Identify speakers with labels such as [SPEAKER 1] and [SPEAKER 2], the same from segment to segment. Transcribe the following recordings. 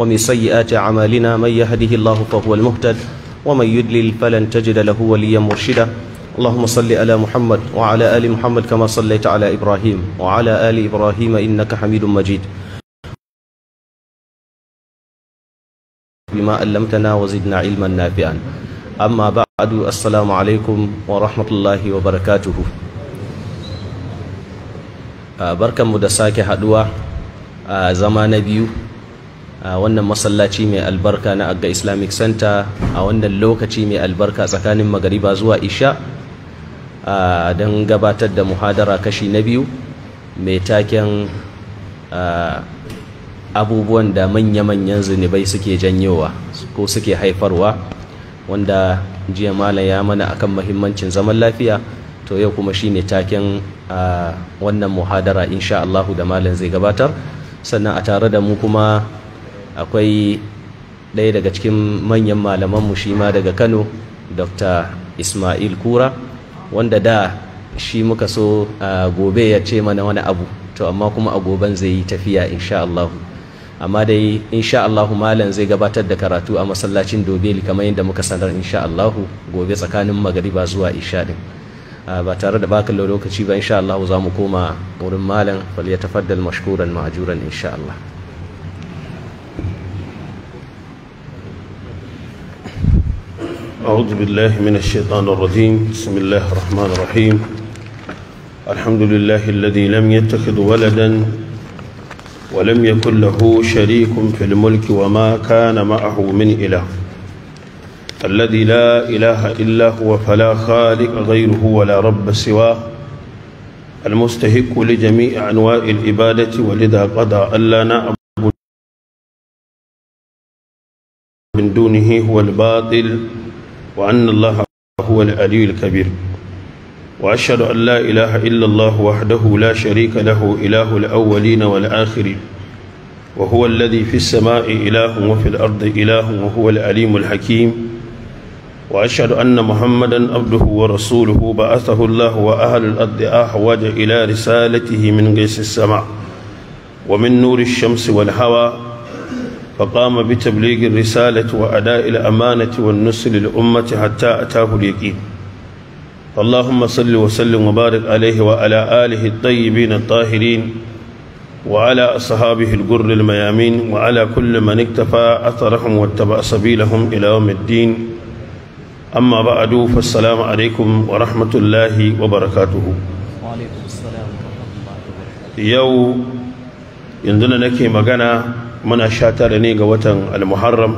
[SPEAKER 1] ومن سيئات أعمالنا من يهده الله فهو المهتد ومن يدلل فلن تجد له وليا مرشدا اللهم صل على محمد وعلى آل محمد كما صليت على إبراهيم وعلى آل إبراهيم إنك حميد مجيد بما علمتنا وزدنا علما نافعا أما بعد السلام عليكم ورحمة الله وبركاته barkanmu da sake haduwa a zama na biyu a wannan masallaci mai albarka na agga islamic center a wannan lokaci mai albarka tsakanin magariba zuwa isha don gabatar da muhadara kashi na biyu mai taken abubuwan da manya-manyan zunubai suke janyowa ko suke haifarwa wanda jiya malam ya mana akan mahimmancin zaman lafiya to yau kuma shi ne taken wannan muhadara insha Allahu da malam zai gabatar sannan a tare da mu kuma akwai ɗaya daga cikin manyan malamanmu shi ma daga kano dr ismail kura wanda da shi muka so gobe ya ce mana wani abu to amma kuma a goben zai yi tafiya insha Allah amma dai insha Allah malam zai gabatar da karatu a masallacin dobeli kamar yadda muka sanar insha Allah gobe tsakanin magari ba zuwa isha din ba tare da baka lokaci ba insha Allah za mu koma wurin malam fal yatafaddal mashkuran ma'juran insha Allah أعوذ بالله
[SPEAKER 2] من الشيطان الرجيم بسم الله الرحمن الرحيم الحمد لله الذي لم يتخذ ولدا ولم يكن له شريك في الملك وما كان معه من إله الذي لا إله إلا هو فلا خالق غيره ولا رب سواه المستحق لجميع أنواع العبادة ولذا قضى ألا نعبد من دونه هو الباطل وأن الله هو العلي الكبير وأشهد أن لا إله إلا الله وحده لا شريك له إله الأولين والآخرين وهو الذي في السماء إله وفي الأرض إله وهو العليم الحكيم وأشهد أن محمدا عبده ورسوله بعثه الله وأهل الأرض أحوج إلى رسالته من قيس السماء ومن نور الشمس والهوى فقام بتبليغ الرسالة وأداء الأمانة والنصر للأمة حتى أتاه اليقين اللهم صل وسلم وبارك عليه وعلى آله الطيبين الطاهرين وعلى أصحابه الجر الميامين وعلى كل من اكتفى أثرهم واتبع سبيلهم إلى يوم الدين أما بعد فالسلام عليكم ورحمة الله وبركاته
[SPEAKER 1] وعليكم السلام ورحمة الله
[SPEAKER 2] وبركاته يو يندن نكي مغانا muna sha tara ne ga watan almuharram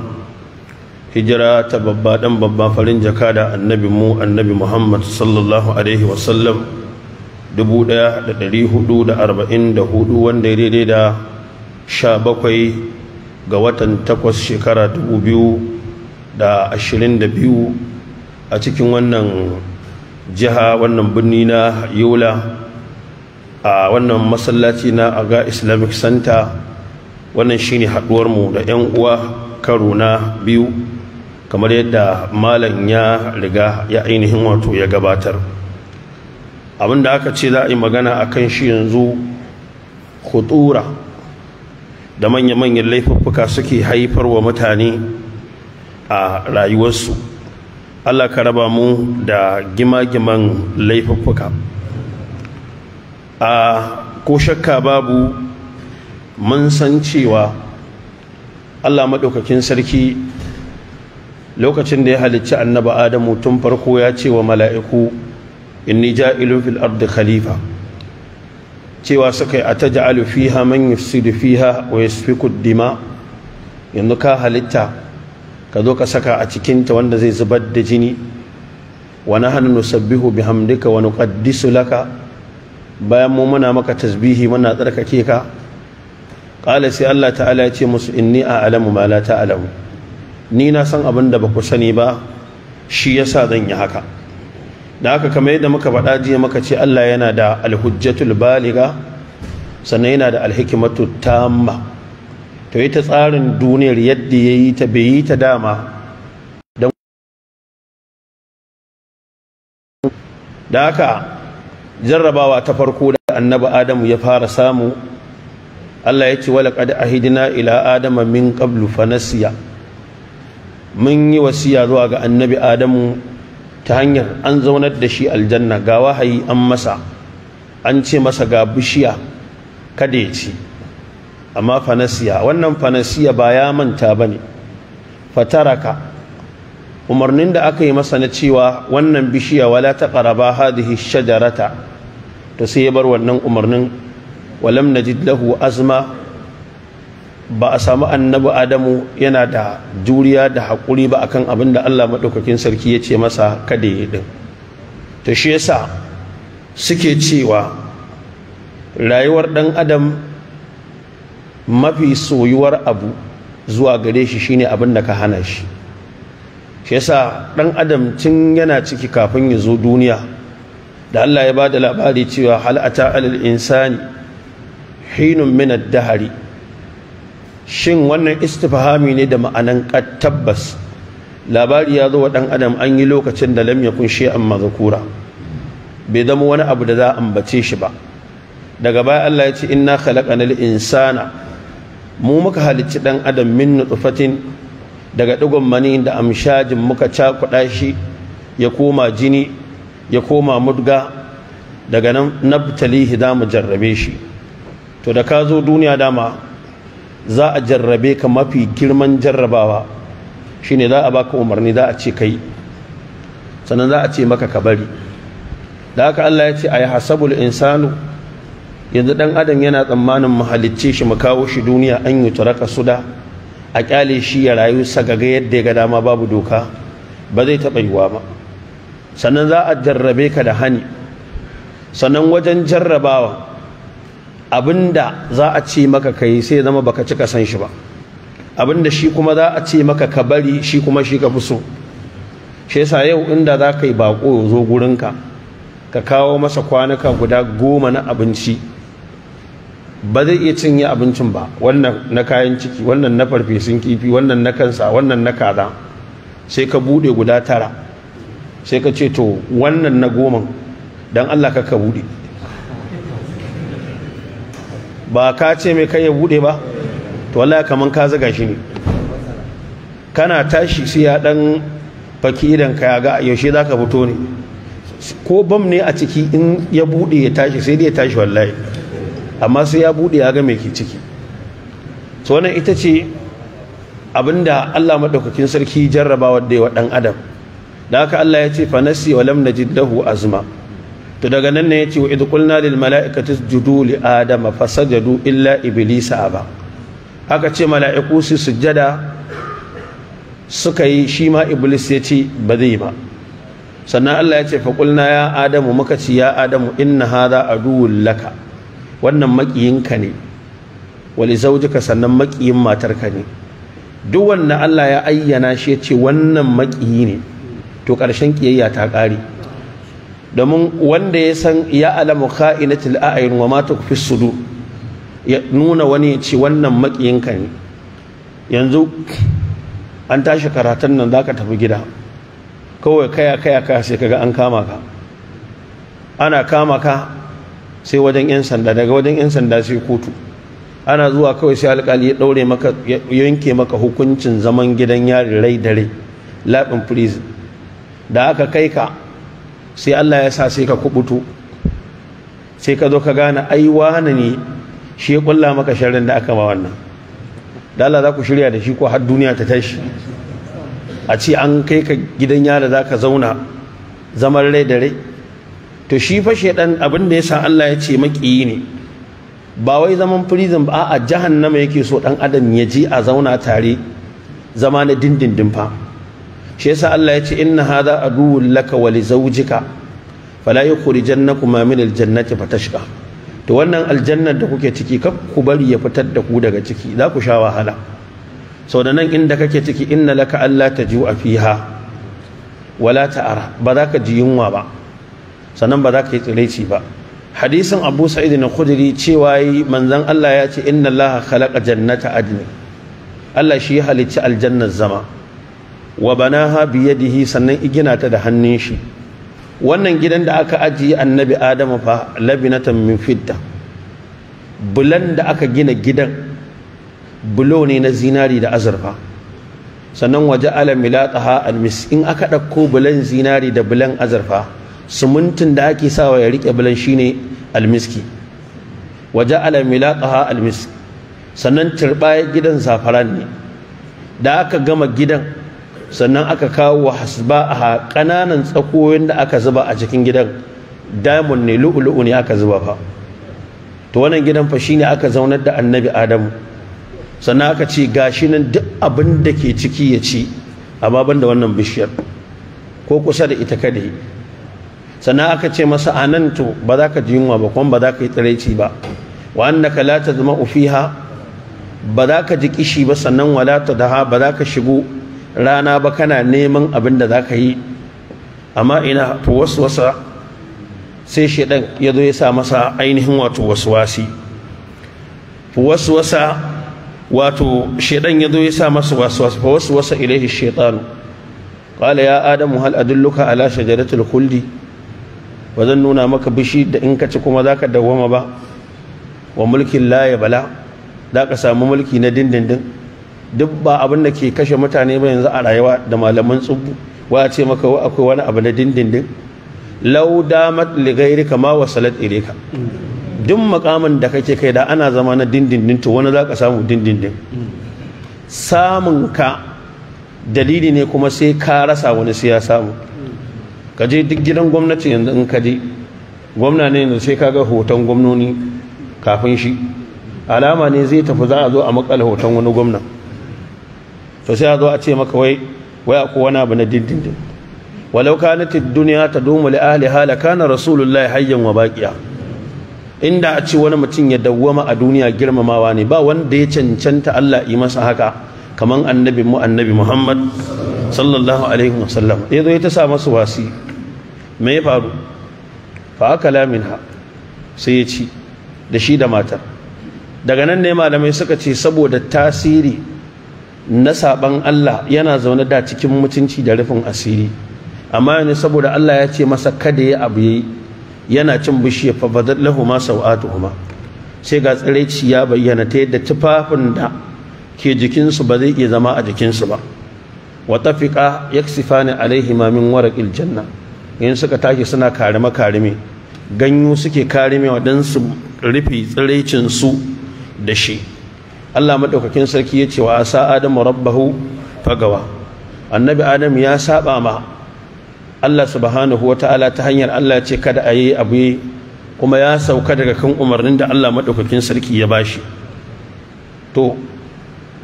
[SPEAKER 2] hijira ta babba dan babban farin jaka da annabi mu annabi muhammad sallallahu alaihi wasallam 1444 wanda ya daidai da 17 ga watan 8 shekara 2022 a cikin wannan jiha wannan birni na yola a wannan masallaci na aga islamic center wannan shine haduwar mu da yan uwa karo na biyu kamar yadda malam ya riga ya ainihin wato ya gabatar abinda aka ce za a yi magana a kan shi yanzu hutura da manya-manyan laifuffuka suke haifar wa mutane a rayuwarsu Allah ka raba mu da gima-giman laifuffuka a ko shakka babu mun san cewa Allah maɗaukakin sarki lokacin da ya halicci annaba Adamu tun farko ya ce wa mala'iku inni ja'ilun fil ardi khalifa cewa suka yi ataj'alu fiha man yufsidu fiha wa fi dima yanzu ka halitta ka zo ka saka a cikinta wanda zai zubar da jini wa nahnu nusabbihu bihamdika wani nuqaddisu laka bayan mu muna maka tasbihi muna tsarkake ka Ƙala sai Allah ta'ala ya ce musu inni a'lamu ma la alamu. ni na san abin da ba ku sani ba shi yasa zan yi haka da haka kamar yadda muka faɗa jiya muka ce Allah yana da alhujjatul baliga sannan yana da alhikimatu tamma to ita tsarin duniyar yadda yayi ta bai ta dama da haka jarrabawa ta farko da annabi adamu ya fara samu Allah ya ce a hidina ila adama min qablu fanasiya mun yi wasiya zuwa ga annabi adamu ta hanyar an zaunar da shi aljanna ga wahayi an masa an ce masa ga bishiya kada ya ci amma fanasiya wannan fanasiya ba ya manta ba bane fataraka umarnin da aka yi masa na cewa wannan bishiya wala ta ƙaraba hadihi shajarata to sai ya bar wannan umarnin walam Azuma lahu azma ba a samu annabi adamu yana da juriya da haƙuri ba akan abin da Allah maɗaukakin sarki ya ce masa kada ya din Ta shi yasa suke cewa rayuwar ɗan adam mafi soyuwar abu zuwa gare shi shine abin da ka hana shi shi yasa ɗan adam tun yana ciki kafin ya zo duniya da Allah ya ba da labari cewa hal ata alal insani hinun min dahari shin wannan istifahami ne da ma'anan tabbas labari ya zo wa ɗan adam an yi lokacin da lam an shay'an kura bai zama wani abu da za a ambace shi ba daga baya Allah ya ce in na inna khalaqanal insana mu muka halicci ɗan adam min nutfatin daga digon mani da amshajin muka cakuɗa shi ya koma jini ya koma mudga daga nan nabtalihi za mu jarrabe shi to da ka zo duniya dama za a jarrabe ka mafi girman jarrabawa shine za a baka umarni za a ce kai sannan za a ce maka ka bari da haka Allah ya ce ayi hasabul insanu yanzu dan adam yana tsammanin mu shi mu kawo shi duniya an yi taraka suda a kyale shi ya rayu sagaga yadda ya ga dama babu doka ba zai taɓa yiwa ba sannan za a jarrabe ka da hani sannan wajen jarrabawa abinda za a ce maka kai sai zama baka cika san shi ba abinda shi kuma za a ce maka ka bari shi kuma shi ka fi so shi yasa yau inda za ka yi bako zo gurinka ka kawo masa kwanuka guda goma na abinci ba zai iya cinye abincin ba wannan na kayan ciki wannan na farfesun kifi wannan na kansa wannan na kaza sai ka bude guda tara sai ka ce to wannan na goma don allah ka ka bude ba ka ce mai kai ya bude ba to wallahi kaman ka zaga shi ne kana tashi sai ya dan faki idan ka ya ga yaushe zaka fito ne ko bam ne a ciki in ya bude ya tashi sai dai ya tashi wallahi amma sai ya bude ya ga mai ke ciki to wannan ita ce abinda Allah madaukakin sarki jarrabawa da wa dan adam da haka Allah ya ce fa nasi wa lam najid lahu azma to daga nan ne ya ce wa idh qulna lil mala'ikati isjudu li adama fasajadu illa iblisa aba aka ce mala'iku su sujjada suka yi shi ma iblis yace ba zai ba sannan Allah yace fa qulna ya adamu muka ci ya adamu inna hadha aduwwul laka wannan makiyinka ne wali zawjika sannan makiyin matarka ne duk wanda Allah ya ayyana shi ya ce wannan makiyi ne to ƙarshen kiyayya ta ƙare domin wanda ya san ya alamu kha'inatul a'yun wa ma tukfi sudu ya nuna wani ya ce wannan makiyinka ne yanzu an tashi karatun nan zaka tafi gida kawai kaya kaya kaya sai kaga an kama ka ana kama ka sai wajen yan sanda daga wajen yan sanda sai kotu ana zuwa kawai sai alƙali ya daure maka yanke maka hukuncin zaman gidan yari rai da rai labin prison da aka kai ka sai Allah ya sa sai ka kubutu sai ka zo ka gane ai wani ne shi ya kulla maka sharrin da aka ma wannan da Allah za ku shirya da shi ko har duniya ta tashi a ce an kai ka gidan yara za ka zauna zaman rai da rai to shi fashe dan abin da ya yasa Allah ya ce maƙiyi ne ba wai zaman prison ba a jahannama yake so dan adam ya ji a zauna tare zama na dindindin fa shi yasa Allah ya ce inna hadha aduwwun laka wa li zawjika fala yukhrijannakuma min aljannati fatashqa to wannan aljannar da kuke ciki kar ku bari ya fitar da ku daga ciki za ku sha wahala sau da nan inda kake ciki inna laka Allah a fiha wala ta'ara ba za ka ji yunwa ba sannan ba za ka yi tsiraici ba hadisin Abu Sa'id al-Khudri cewa manzon Allah ya ce inna Allah khalaqa jannata adni Allah shi ya halicci aljannar zama wa banaha biyadihi sannan igina ta da hannun shi wannan gidan da aka ajiye annabi adamu fa labinatan min fidda bulan da aka gina gidan bulo ne na zinari da azurfa sannan waje ala milataha almis in aka ɗauko bulan zinari da bulan azurfa sumuntin da ake sawa ya rike bulan shine almiski waje ala milataha almis sannan turɓaya gidan zafaran ne da aka gama gidan sannan aka kawo hasba a kananan tsakoyin da aka zuba a cikin gidan diamond ne lu'ulu'u ne aka zuba fa to wannan gidan fa shine aka zaunar da annabi adamu sannan aka ce gashi nan duk abin da ke ciki ya ci amma ban da wannan bishiyar ko kusa da ita kadai? sannan aka ce masa anan to ba za ka ji yunwa ba kuma ba za ka yi tsiraici ba wa annaka la tazma'u fiha ba za ka ji kishi ba sannan wala tadaha ba za ka shigo rana ba kana neman abin da za ka yi amma ina wasa sai shaidan ya zo ya sa masa ainihin wato wasu. wasa wato shaidan ya zo ya sa masa waswasi wasa ilaihi shaitanu qala ya adamu hal adulluka ala shajaratul khuldi ba zan nuna maka bishi da in ka ci kuma zaka dawwama ba wa mulkin la ya bala ka samu mulki na dindindin duk ba abin da ke kashe mutane ba yanzu a rayuwa da malaman tsubu wa ce maka akwai wani abu na dindindin lau damat ligairi kama wasalat ireka duk makamin da kake kai da ana zama na dindindin to wani za ka samu dindindin samun ka dalili ne kuma sai ka rasa wani sai ya samu ka je duk gidan gwamnati yanzu in ka je gwamna ne yanzu sai ka ga hoton gwamnoni kafin shi alama ne zai tafi za a zo a makala hoton wani gwamna to sai a zo a ce maka wai wai kowani wani abu na dindindin walau kanat ad-dunya tadumu li ahliha la kana rasulullahi hayyan wa baqiya inda a ce wani mutum ya dawwama a duniya girmamawa ne ba wanda ya cancanta Allah yi masa haka kaman annabi mu annabi Muhammad sallallahu alaihi wasallam yazo ya ta sa masa wasi me ya faru fa akala minha sai ya ci da shi da matar daga nan ne malamai suka ce saboda tasiri na saban Allah yana zaune da cikin mutunci da rufin asiri amma ne saboda Allah ya ce masa kada ya abu yayi yana cin bishiyar fa badat ma. sawatuhuma sai ga tsiraici ya bayyana ta yadda tufafin da ke jikinsu ba zai iya zama a jikin su ba wa tafiqa yaksifani alaihima min waraqil janna in suka tashi suna karime karime ganyu suke karimewa dan su rufe tsiraicin su da shi Allah maɗaukakin sarki ya ce wa asa adamu rabbahu fagawa annabi adam ya saɓa ma Allah subhanahu wataala ta hanyar Allah ce kada a yi abu kuma ya sauka daga kan umarnin da Allah maɗaukakin sarki ya ba shi. to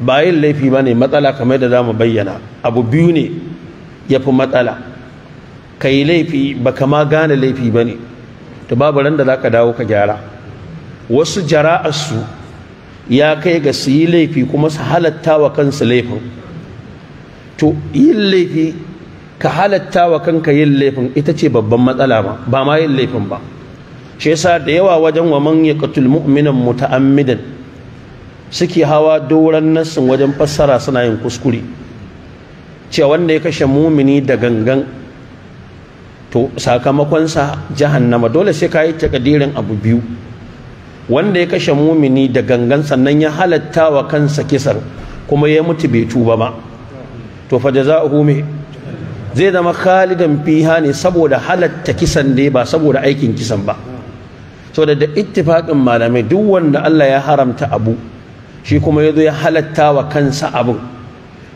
[SPEAKER 2] ba laifi ba ne matsala kamar da za mu bayyana abu biyu ne ya fi matsala ka yi laifi ba kama gane laifi ba ne to babu randa za ka dawo ka gyara wasu jara'arsu ya kai ga su yi laifi kuma su halatta wa kansu laifin to yin laifi ka halatta wa kanka yin laifin ita ce babban matsala ba ba ma yin laifin ba shi yasa da yawa wajen wa man yaqtul mu'minan muta'ammidan suke hawa doron nassin wajen fassara suna yin kuskure cewa wanda ya kashe mumini da gangan to sakamakonsa jahannama dole sai ka yi takadirin abu biyu wanda ya kashe mumini da gangan sannan ya halatta wa kansa kisar kuma ya mutu bai tuba ba to fa a me zai zama khalidan fiha ne saboda halatta kisan ne ba saboda aikin kisan ba saboda da ittifaqin malamai duk wanda Allah ya haramta abu shi kuma yazo ya halatta wa kansa abu.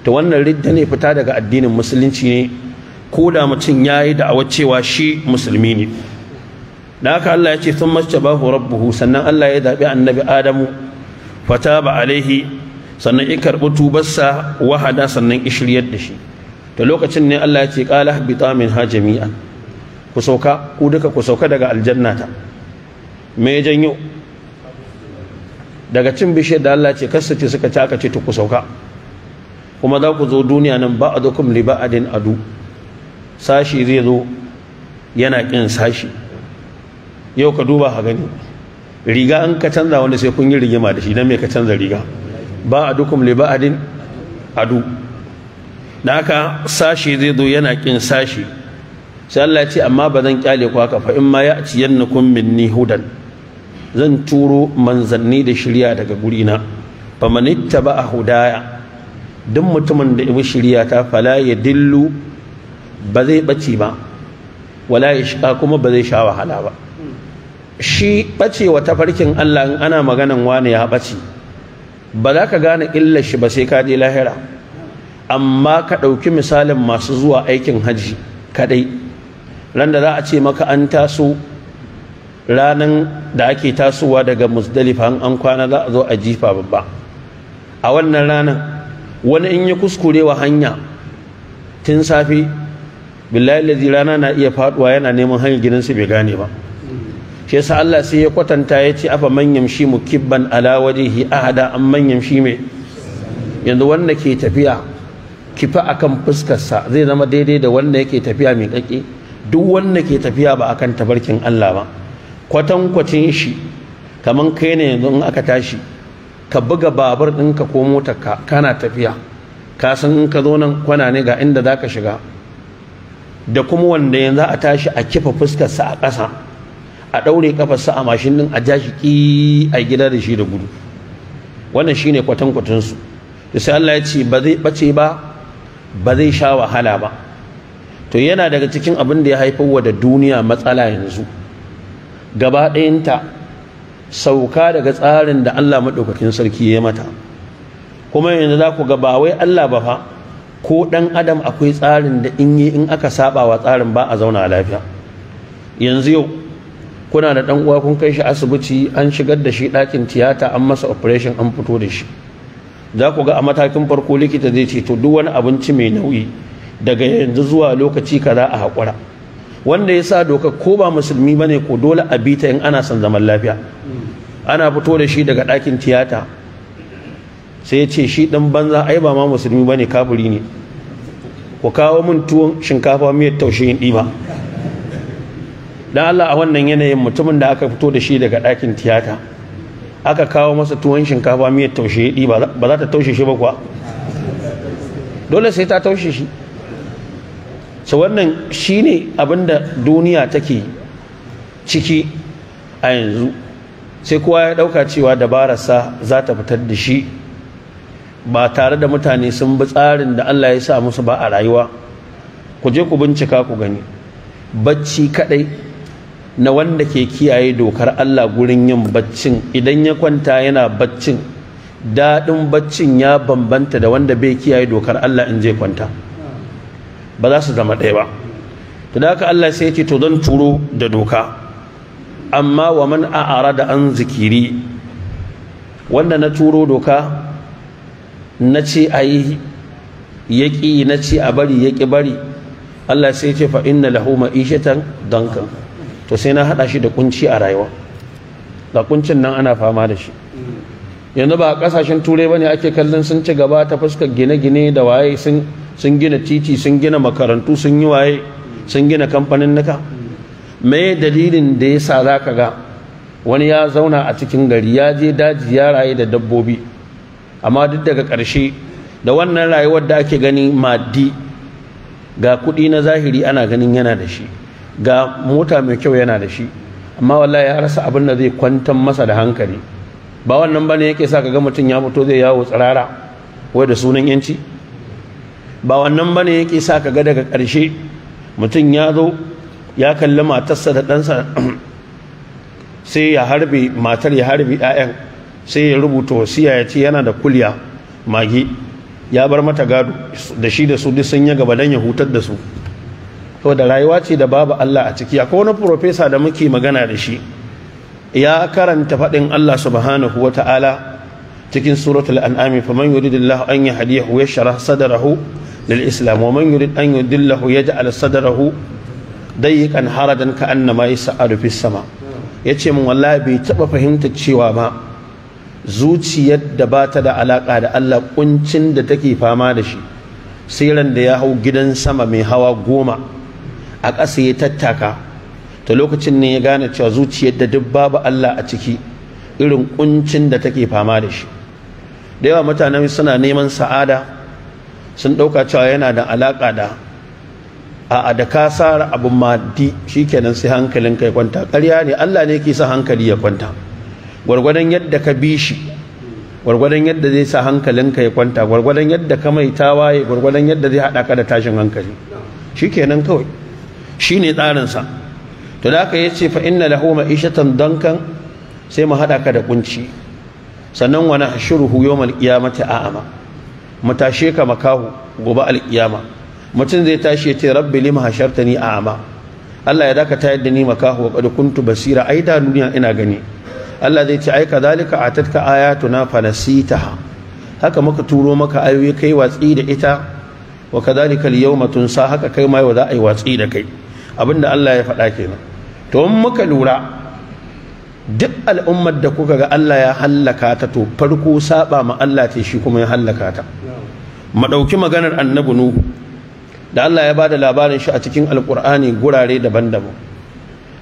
[SPEAKER 2] to wannan ridda ne fita daga addinin musulunci ne ko da mutum yayi da cewa shi musulmi ne da haka Allah ya ce sun rabu rabbuhu sannan Allah ya zaɓi annabi Adamu fata ba alaihi sannan ya karɓi tubarsa wahada sannan shiryar da shi to lokacin ne Allah ya ce qala habita ha jami'an ku sauka ku duka ku sauka daga aljannata me janyo daga cin bishiyar da Allah ce ce suka caka ce sauka kuma za ku zo duniya nan ba'adukum li ba'adin adu sashi zai zo yana ƙin sashi yau ka duba ka gani riga an ka canza wanda sai kun yi rigima da shi don me ka canza riga ba a dukum ba'adin adu da aka sashi zai zo yana kin sashi sai Allah ce amma ba zan kyale ku haka in ma ya min minni hudan zan turo manzanni da shirya daga gurina ba a hudaya duk mutumin da ibi shirya ta fala ya dillu ba zai ɓaci ba wala ya shiga kuma ba zai sha wahala ba shi bacewa tafarkin Allah in ana maganan wane ya bace ba za ka gane illar shi ba sai ka je lahira amma ka ɗauki misalin masu zuwa aikin hajji kaɗai ran da za a ce maka an taso ranan da ake tasowa daga musdalifa an kwana za a zo a jifa babba a wannan ranar wani in ya kuskurewa hanya tun safe billahi lazi rana na iya faduwa yana neman hanyar gidansu bai gane ba shi yasa Allah sai ya kwatanta ya ce afa man yamshi mukibban ala wajhihi ahada an man yamshi me yanzu wanda ke tafiya kifa akan fuskarsa zai zama daidai da wanda yake tafiya mai kake duk wanda ke tafiya ba akan tabarkin Allah ba kwatan kwatankwacin shi kaman kai ne yanzu in aka tashi ka buga babur ɗinka ko motarka kana tafiya ka san in ka zo nan kwana ne ga inda zaka shiga da kuma wanda yanzu a tashi a kifa fuskarsa a ƙasa a ɗaure kafarsa a mashin din a jashi ƙi a gida da shi da gudu wannan shine kwatankwatan su sai Allah ya ce ba zai bace ba ba zai sha wahala ba to yana daga cikin abin da ya haifar wa da duniya matsala yanzu gaba ɗayanta sauka daga tsarin da Allah maɗaukakin sarki ya mata kuma yanzu za ku ga ba wai Allah ba fa ko ɗan adam akwai tsarin da in yi in aka saba wa tsarin ba a zauna lafiya yanzu yau kuna da dan uwa kun kai shi asibiti an shigar da shi ɗakin tiyata an masa operation an fito da shi za ku ga a matakin farko likita zai ce to duk wani abinci mai nauyi daga yanzu zuwa lokaci kaza a haƙura wanda ya sa doka ko ba musulmi bane ko dole a bita in ana son zaman lafiya ana fito da shi daga ɗakin tiyata sai ya ce shi ɗan banza ai ba ma musulmi bane kafiri ne ku kawo min tuwon shinkafa miyar taushe in ɗiba dan Allah a wannan yanayin mutumin da aka fito da shi daga ɗakin tiyata aka kawo masa tuwon shinkafa miyar taushe ɗi ba za ta taushe shi ba kuwa dole sai ta taushe shi so wannan shine abinda duniya take ciki a yanzu sai kowa ya ɗauka cewa dabararsa za ta fitar da shi ba tare da mutane sun bi tsarin da Allah ya sa musu ba a rayuwa ku je ku bincika ku gani bacci kadai. na wanda ke kiyaye dokar Allah gurin yin baccin idan ya kwanta yana baccin daɗin baccin ya bambanta da wanda bai kiyaye dokar Allah in je kwanta ba za su zama ɗaya ba to da haka Allah sai ce to zan turo da doka amma wa man a'ara da an zikiri wanda na turo doka na ce a yi yaƙi na ce a bari yaƙi bari Allah sai ya ce fa inna lahu ma'ishatan dankan to sai na hada shi da kunci a rayuwa da kuncin nan ana fama da shi yanzu ba a ƙasashen turai ba ne ake kallon sun ci gaba ta fuskar gine-gine da waye sun gina titi sun gina makarantu sun yi waye sun gina kamfanin nuka me dalilin da ya sa za ka ga wani ya zauna a cikin gari ya je daji ya raye da dabbobi amma duk daga karshe da wannan rayuwar da ake gani maddi ga kuɗi na zahiri ana ganin yana da shi ga mota mai kyau yana da shi amma wallahi ya rasa abin da zai kwantar masa da hankali ba wannan bane yake sa ga mutum ya fito zai yawo tsirara wai da sunan yanci ba wannan bane yake sa ka ga daga ƙarshe mutum ya zo ya kalli matarsa da ɗansa sai ya harbe matar ya harbe 'ya'yan sai ya rubuta wasiya ya ce yana da kulya magi ya bar mata gado da shi da su duk sun ya gaba don ya hutar da su saboda rayuwa ce da babu Allah a ciki akwai wani profesa da muke magana da shi ya karanta faɗin Allah subhanahu wa ta'ala cikin suratul an'ami faman yuridillahu an yahdiyahu yashrah sadrahu lil islam wa man yurid an yudillahu yaj'al sadrahu dayyqan harajan ka'annama yas'alu fis sama yace mun wallahi bai taba fahimta cewa ba zuciyar da ba ta da alaka da Allah kuncin da take fama da shi siran da ya hau gidan sama mai hawa goma a ƙasa ya tattaka ta lokacin ne ya gane cewa zuciyar da duk babu Allah a ciki irin kuncin da take fama da shi da yawa mutane suna neman sa'ada sun ɗauka cewa yana da alaƙa da a da ka sara abin maddi shikenan sai hankalin kai kwanta ƙarya ne Allah ne ke sa hankali ya kwanta gwargwadon yadda ka bi shi gwargwadon yadda zai sa hankalin ka ya kwanta gwargwadon yadda ka mai tawaye gwargwadon yadda zai haɗa ka da tashin hankali shikenan kawai shi ne tsarinsa to da haka yace fa inna lahu ma'ishatan dankan sai mu hada ka da kunci sannan wa nahshuruhu yawmal qiyamati a'ama mu tashe ka makahu gobe alqiyama mutum zai tashi ya ce rabbi lima hashartani a'ama Allah ya daka tayar da ni makahu wa qad kuntu basira ai da duniya ina gani Allah zai ce ai kadhalika atatka ayatuna fanasitaha haka muka turo maka ayoyi kai watsi da ita wa kadhalika al-yawma tunsa haka kai ma yau za a yi watsi da kai abinda Allah ya faɗa kenan to in muka lura duk al'ummar da kuka ga Allah ya hallaka ta to farko saba ma Allah ce shi kuma ya hallaka ta mu ɗauki maganar annabi nuhu da Allah ya bada labarin shi a cikin alkur'ani gurare daban-daban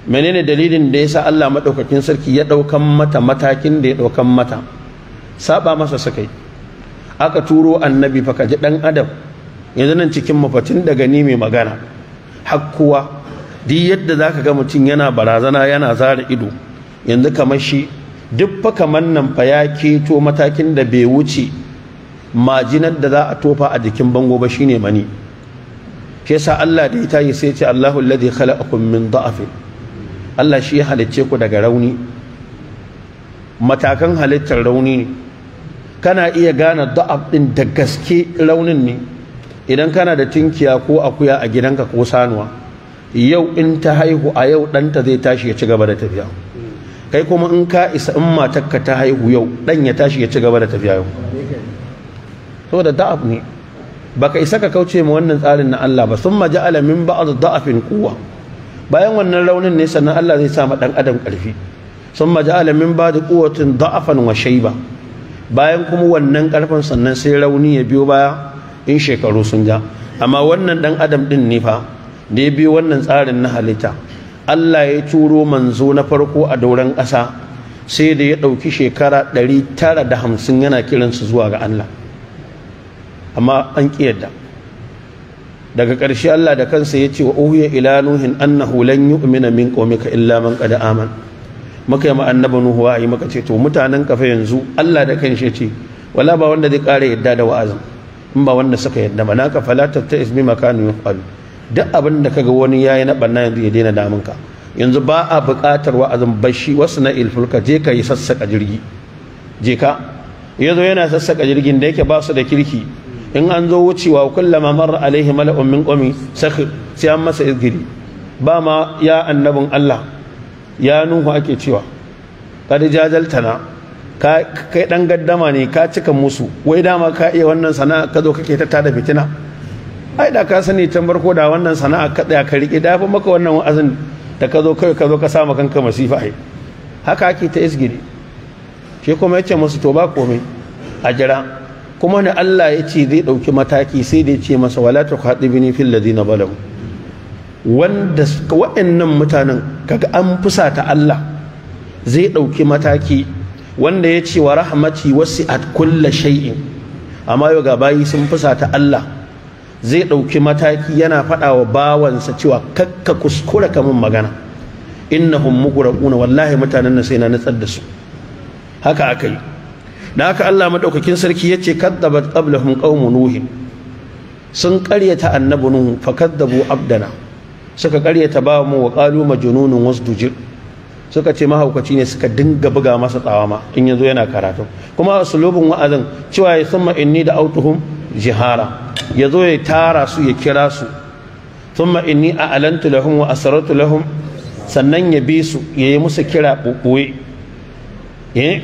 [SPEAKER 2] menene dalilin da yasa Allah madaukakin sarki ya daukan mata matakin da ya daukan mata saba masa sakai aka turo annabi fa kaji dan adam yanzu nan cikin mafatin daga ni mai magana hakkuwa duk yadda za ka ga mutum yana barazana yana zara ido yanzu kamar shi duk fa kamar nan fa ya keto matakin da bai wuce majinar da za a tofa a jikin bango ba shine mani shi yasa Allah da ita yi sai ce Allahu alladhi khalaqakum min da'afin Allah shi ya halicce ku daga rauni matakan halittar rauni ne kana iya gane da'af din da gaske raunin ne idan kana da tinkiya ko akuya a gidanka ko sanuwa yau in ta haihu a yau ɗanta zai tashi ya ci gaba da tafiya kai kuma in ka isa in matarka ta haihu yau ɗan ya tashi ya ci gaba da tafiya yau So da da'af ne baka isa ka kauce ma wannan tsarin na Allah ba sun alamin ba a da'afin kuwa. bayan wannan raunin ne sannan Allah zai sa ɗan dan adam ƙarfi sun alamin ba da kuwatin da'afan wa shaiba. bayan kuma wannan ƙarfin sannan sai rauni ya biyo baya in shekaru sun ja amma wannan ɗan adam ɗin ne fa da ya biyo wannan tsarin na halitta Allah ya turo manzo na farko a dauran ƙasa sai da ya ɗauki shekara 950 yana kiransu zuwa ga Allah amma an ƙiyarda daga ƙarshe Allah da kansa ya ce wa uhiya ila nuhin annahu lan yu'mina min qaumika illa man qad aman muka yi annabi nuhu wa'ayi muka ce to mutanen kafa yanzu Allah da kanshi ya ce wala ba wanda zai ƙara yadda da wa'azin in ba wanda suka yadda ba naka fala tattaisbi makanu yuqalu duk abin da kaga wani ya yayi na banna yanzu ya daina damun ka yanzu ba a buƙatar wa'azin bashi wasu na ilfulka je ka yi sassaka jirgi je ka yazo yana sassaka jirgin da yake ba su da kirki in an zo wucewa kullama marra alaihi mala'un min qawmi sakhir sai an masa izgiri ba ma ya annabin Allah ya nuhu ake cewa kad jajaltana kai dan gaddama ne ka cika musu wai dama ka iya wannan sana'a ka zo kake ta tada fitina ai da ka sani ta barko da wannan sana'a ka tsaya ka rike da fa maka wannan wa'azin da ka zo kai ka zo ka sa maka kanka masifa ai haka ake ta isgiri Ke kuma yace musu to ba komai a jira kuma ne Allah ya ce zai dauki mataki sai da ya ce masa wala tuqadibni fil ladina balagu wanda wa'annan mutanen kaga an fusata Allah zai dauki mataki wanda ya ce wa rahmati wasi'at kulli shay'in amma yau ga bayi sun fusata Allah zai ɗauki mataki yana faɗa wa bawansa cewa kakka kuskura kamun magana innahum mugraquna wallahi mutanen nan sai na nutsar da su haka akai da haka Allah madaukakin sarki yace kadzabat qablahum qaumu nuh sun qaryata annabi nuh fakadzabu abdana suka qaryata ba mu wa qalu majnunun wasdujir suka ce mahaukaci ne suka dinga buga masa tsawama, in yazo yana karatu kuma a sulubin wa'azin cewa ya summa inni da autuhum jihara ya zo ya tara su ya kira su thumma inni a'lantu lahum wa asaratu lahum sannan ya bi su ya yi musu kira ɓuɓɓuwe eh?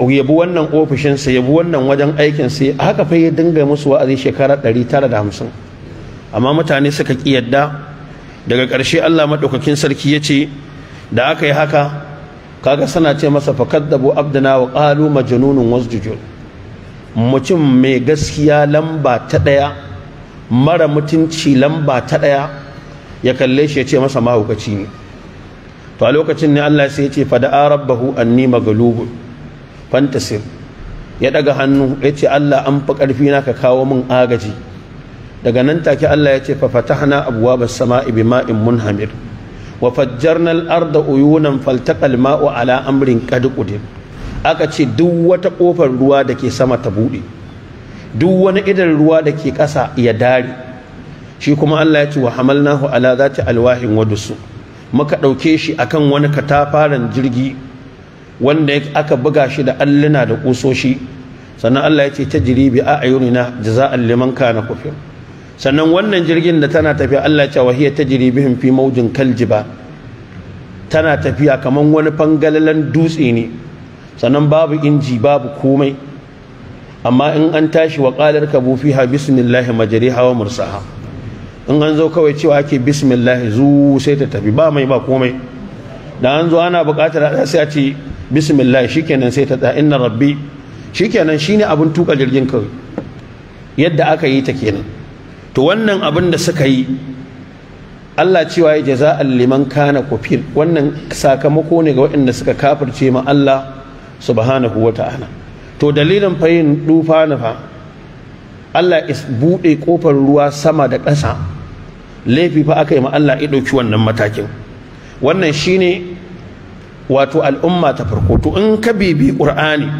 [SPEAKER 2] ya bi wannan ofishinsa ya bi wannan wajen aikinsa a haka fa ya dinga musu wa'azi shekara tara da hamsin. amma mutane suka ƙi yadda daga ƙarshe Allah maɗaukakin sarki ya ce da aka yi haka kaga sana ce masa bu abdana wa ƙalu majanunin wasjujun mutum mai gaskiya lamba ta daya mara mutunci lamba ta ɗaya, ya kalle shi ya ce masa mahaukaci ne to a lokacin ne Allah sai ya ce fada'a rabbahu anni maghlubun fantasir ya daga hannu ya ce Allah an fi karfi na ka kawo min agaji daga nan take Allah ya ce fa fatahna abwaabas samaa'i bima'in munhamir wa fajjarna al-arda uyunan faltaqa al-ma'u ala amrin qad aka ce duk wata ƙofar ruwa da ke sama ta buɗe. duk wani idan ruwa da ke ƙasa ya dare shi kuma Allah ya ce wa hamalnahu ala zati alwahin wa muka ɗauke shi akan wani katafaren jirgi wanda aka buga shi da alluna da ƙusoshi sannan Allah ya ce jiri bi a'yunina jaza'an liman kana kufin. sannan wannan jirgin da tana tafiya Allah ya ce wa hiya tajri bihim fi mawjin kaljiba tana tafiya kaman wani fangalalan dutse ne sannan babu inji babu komai amma in an tashi wa qalar kabu fiha bismillahi majriha wa mursaha in an zo kawai cewa ake bismillahi zu sai ta tafi ba mai ba komai da an zo ana buƙatar sai a ce bismillahi shikenan sai ta da inna rabbi shikenan shine abin tuka jirgin kawai yadda aka yi ta kenan to wannan abin da suka yi Allah cewa ya jaza'an liman kana kufir wannan sakamako ne ga waɗanda suka kafirce ma Allah subhanahu wata'ala to dalilin fayin dufa na fa Allah is buɗe ƙofar ruwa sama da ƙasa laifi fa aka yi ma Allah ya ɗauki wannan matakin wannan shine wato al'umma ta farko to in ka bibi ƙur'ani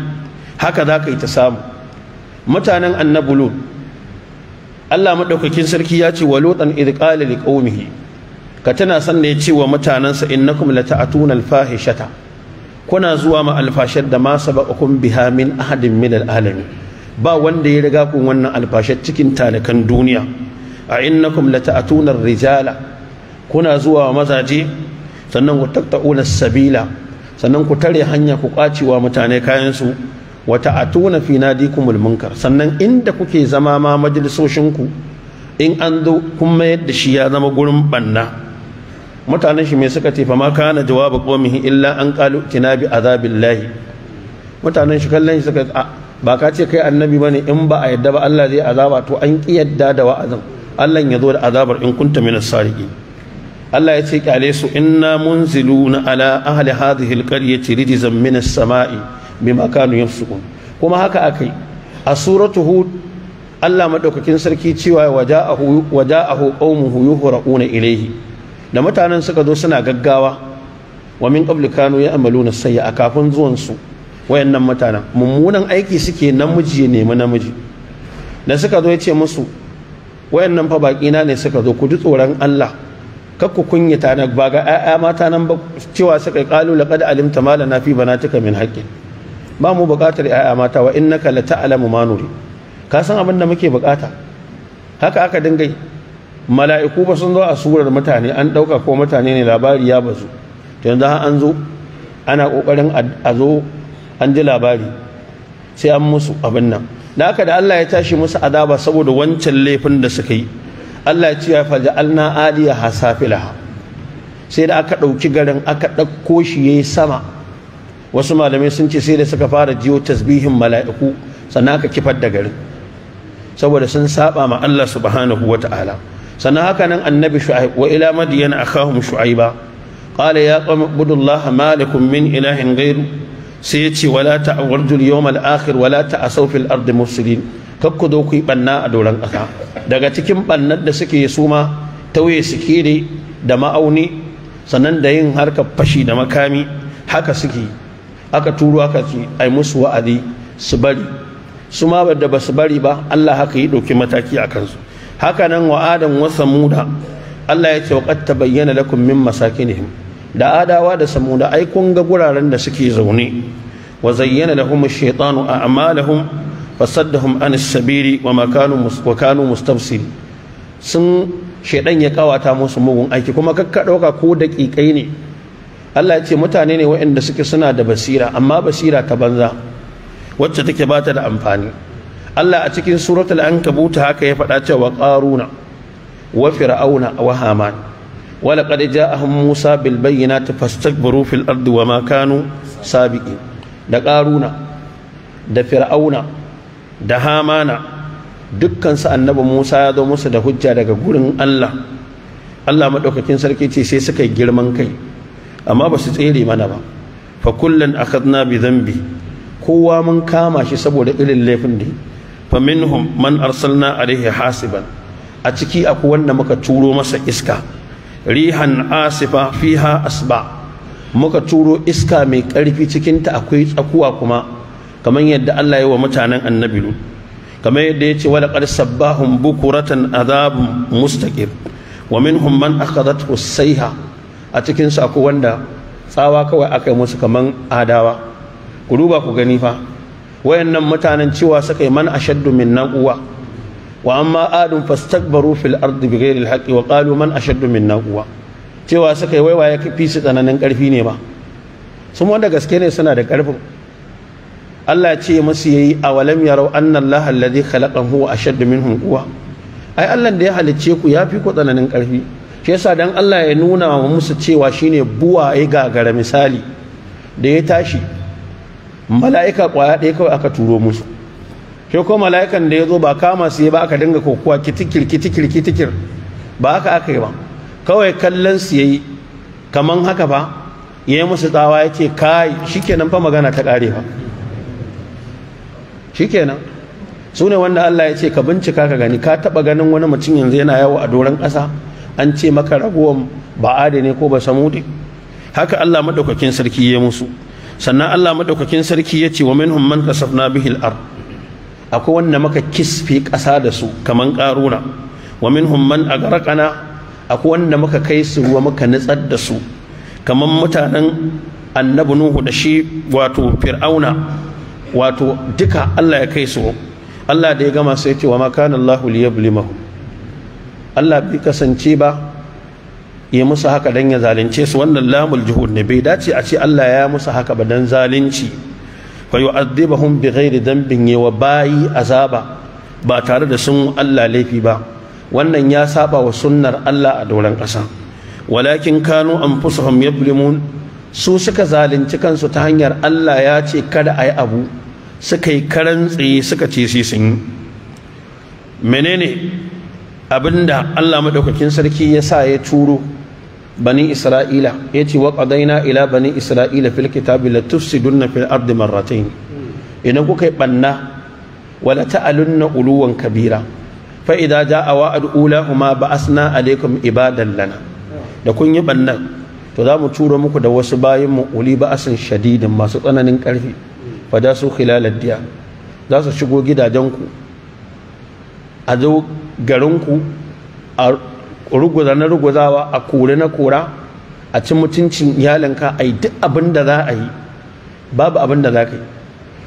[SPEAKER 2] haka za ka yi ta samu mutanen annabulun Allah maɗaukakin sarki ya ce walutan idh qala liqaumihi ka tana san da ya ce wa mutanansa innakum lata'atuna alfahishata kuna zuwa ma alfashar da ma sabaqakum biha min ahadin min alalamin ba wanda ya riga kun wannan alfashar cikin talakan duniya a innakum lata'atuna rijala kuna zuwa mazaje sannan ku taqta'una sabila sannan ku tare hanya ku kwacewa mutane kayan su wata atuna fi nadikumul munkar sannan inda kuke zama ma majalisoshinku in an zo kun mayar da shi ya zama gurin banna mutanen shi mai suka ce fama ma kana jawabu qaumihi illa an qalu tinabi azabillahi mutanen shi kallon shi suka ba ka ce kai annabi bane in ba a yadda ba Allah zai azaba to an ki yadda da wa'azin Allah ya zo da azabar in kunta minas sariqin Allah ya ce kyale su inna munziluna ala ahli hadhihi alqaryati rijzan minas sama'i bima kanu yafsukun kuma haka akai a suratu hud Allah madaukakin sarki cewa waja'ahu waja'ahu qaumuhu yuhra'una ilayhi da mutanen suka zo suna gaggawa wa min qabli kanu ya'maluna sayya'a kafin zuwan su wayannan mutanen mummunan aiki suke namiji ya nemi namiji da suka zo ya ce musu wayannan fa baƙina ne suka zo ku ji tsoron Allah kakku ku kunyata na ba ga 'ya'ya mata nan ba cewa suka qalu laqad alimta ma lana fi banatika min haqqin ba mu buƙatar yaya mata wa innaka la ta'lamu ma nuri ka san abin da muke bukata haka aka dinga mala'iku ba sun zo a surar mutane an ɗauka ko mutane ne labari ya bazu to yanzu an zo ana ƙoƙarin a zo an ji labari sai an musu abin nan da haka da Allah ya tashi musu adaba saboda wancan laifin da suka yi Allah ya ce ya alna aliyaha safilaha sai da aka ɗauki garin aka ɗauko shi yayi sama wasu malamai sun ce sai da suka fara jiyo tasbihin mala'iku sannan aka kifar da garin saboda sun saba ma Allah subhanahu Ta'ala. sannan haka nan annabi shu'aib wa ila madiyana akhahum shu'aiba qala ya qawmi ibudullaha ma min ilahin ghayru sai yace wala ta'awrdu al-yawm a akhir wala ta'asaw fil ardi mufsidin kakku zo ku yi banna a doron ƙasa daga cikin bannar da suke su ma tauye sikiri da ma'auni sannan da yin harkar fashi da makami haka suke yi aka turo aka ce ai musu wa'azi su bari su ma da ba bari ba Allah haka yi ɗauki mataki a kansu haka nan wa adam wa samuda Allah ya ce wa qad tabayyana lakum min masakinihim da adawa da samuda ai kun ga guraren da suke zaune wa zayyana lahum ash-shaytanu a'malahum fasaddahum an as-sabili wa ma kanu wa kanu mustafsil sun shaydan ya kawata musu mugun aiki kuma kakka dauka ko daƙiƙai ne Allah ya ce mutane ne waɗanda suke suna da basira amma basira ta banza wacce take ba ta da amfani Allah a cikin suratul ankabut haka ya faɗa cewa qaruna wa fir'auna wa haman wa laqad ja'ahum musa bil bayyinati fastakbaru fil ardi wa ma kanu sabiqin da qaruna da fir'auna da hamana dukkan su annabi musa ya zo musu da hujja daga gurin Allah Allah madaukakin sarki ce sai suka yi girman kai amma ba su tsere mana ba fa kullun akhadna bi dhanbi kowa mun kama shi saboda irin laifin da fa minhum man arsalna alaihi hasiban a ciki akwai wanda muka turo masa iska rihan asifa fiha asba muka turo iska mai karfi cikin ta akwai tsakuwa kuma kamar yadda Allah ya wa mutanen annabi lu kamar yadda ya ce walaqad sabbahum bukuratan azabin mustaqim wa minhum man akhadathu as-sayha a cikin su wanda tsawa kawai aka yi musu kamar adawa ku duba ku gani fa wayannan mutanen cewa suka yi man ashaddu minna uwa wa amma adun fastakbaru fil ardi bighairi alhaqi wa qalu man ashaddu minna uwa. cewa suka yi waiwaye kafi su tsananin karfi ne ba sun wanda gaske ne suna da karfin Allah ya ce musu yayi awalam yarau anna Allah alladhi khalaqahu ashaddu minhum quwa ai Allah da ya halicce ku yafi ku tsananin karfi shi yasa dan Allah ya nuna wa musu cewa shine buwa ya gagara misali da ya tashi mala'ika kwaya ɗaya kawai aka turo musu shi kuma mala'ikan da ya zo ba kama su ba aka dinga kokowa kitikir kitikir kitikir ba aka aka yi ba kawai kallon su yayi kaman haka ba yayi musu tsawa yake kai shikenan fa magana ta kare fa shikenan su ne wanda Allah ya ce ka bincika ka gani ka taba ganin wani mutum yanzu yana yawo a doron ƙasa an ce maka ragowan ba ne ko ba samude haka Allah madaukakin sarki ya musu sannan Allah madaukakin sarki ya ce wa minhum man kasafna bihil ard akwai wanda maka kisfe ƙasa da su kaman ƙaruna wa minhum man agraqana akwai wanda maka kai su ruwa maka nutsar da su kaman mutanen annabi nuhu da shi wato fir'auna wato duka Allah ya kai su Allah da ya gama sai ya ce wa ma kana Allahu liyablimahu Allah bai kasance ba ya musu haka dan ya zalunce su wannan lamul juhud ne bai dace a ce Allah ya musu haka ba dan zalunci fa yu'adhibuhum bighairi dhanbin wa bayi azaba ba tare da sun Allah laifi ba wannan ya saba wa sunnar Allah a doron ƙasa walakin kanu anfusuhum yablimun su suka zalunci kansu ta hanyar Allah ya ce kada a yi abu suka yi karan tsaye suka ce sai sun yi menene abinda Allah madaukakin sarki ya sa ya turo bani Isra'ila yace wa qadaina ila bani Isra'ila fil kitabi la tufsiduna fil ardi marratayn idan kuka yi banna wala ta'alunna uluwan kabira fa idza jaa wa'd ulahuma ba'asna alaikum ibadan lana da kun yi bannan to za mu turo muku da wasu bayan mu uli ba'asin shadidin masu tsananin karfi fa da su khilalad diya za su shigo ku a zo garinku a ruguza na ruguzawa a kore na kora a ci mutuncin iyalinka a yi duk abin da za a yi babu abin da za ka yi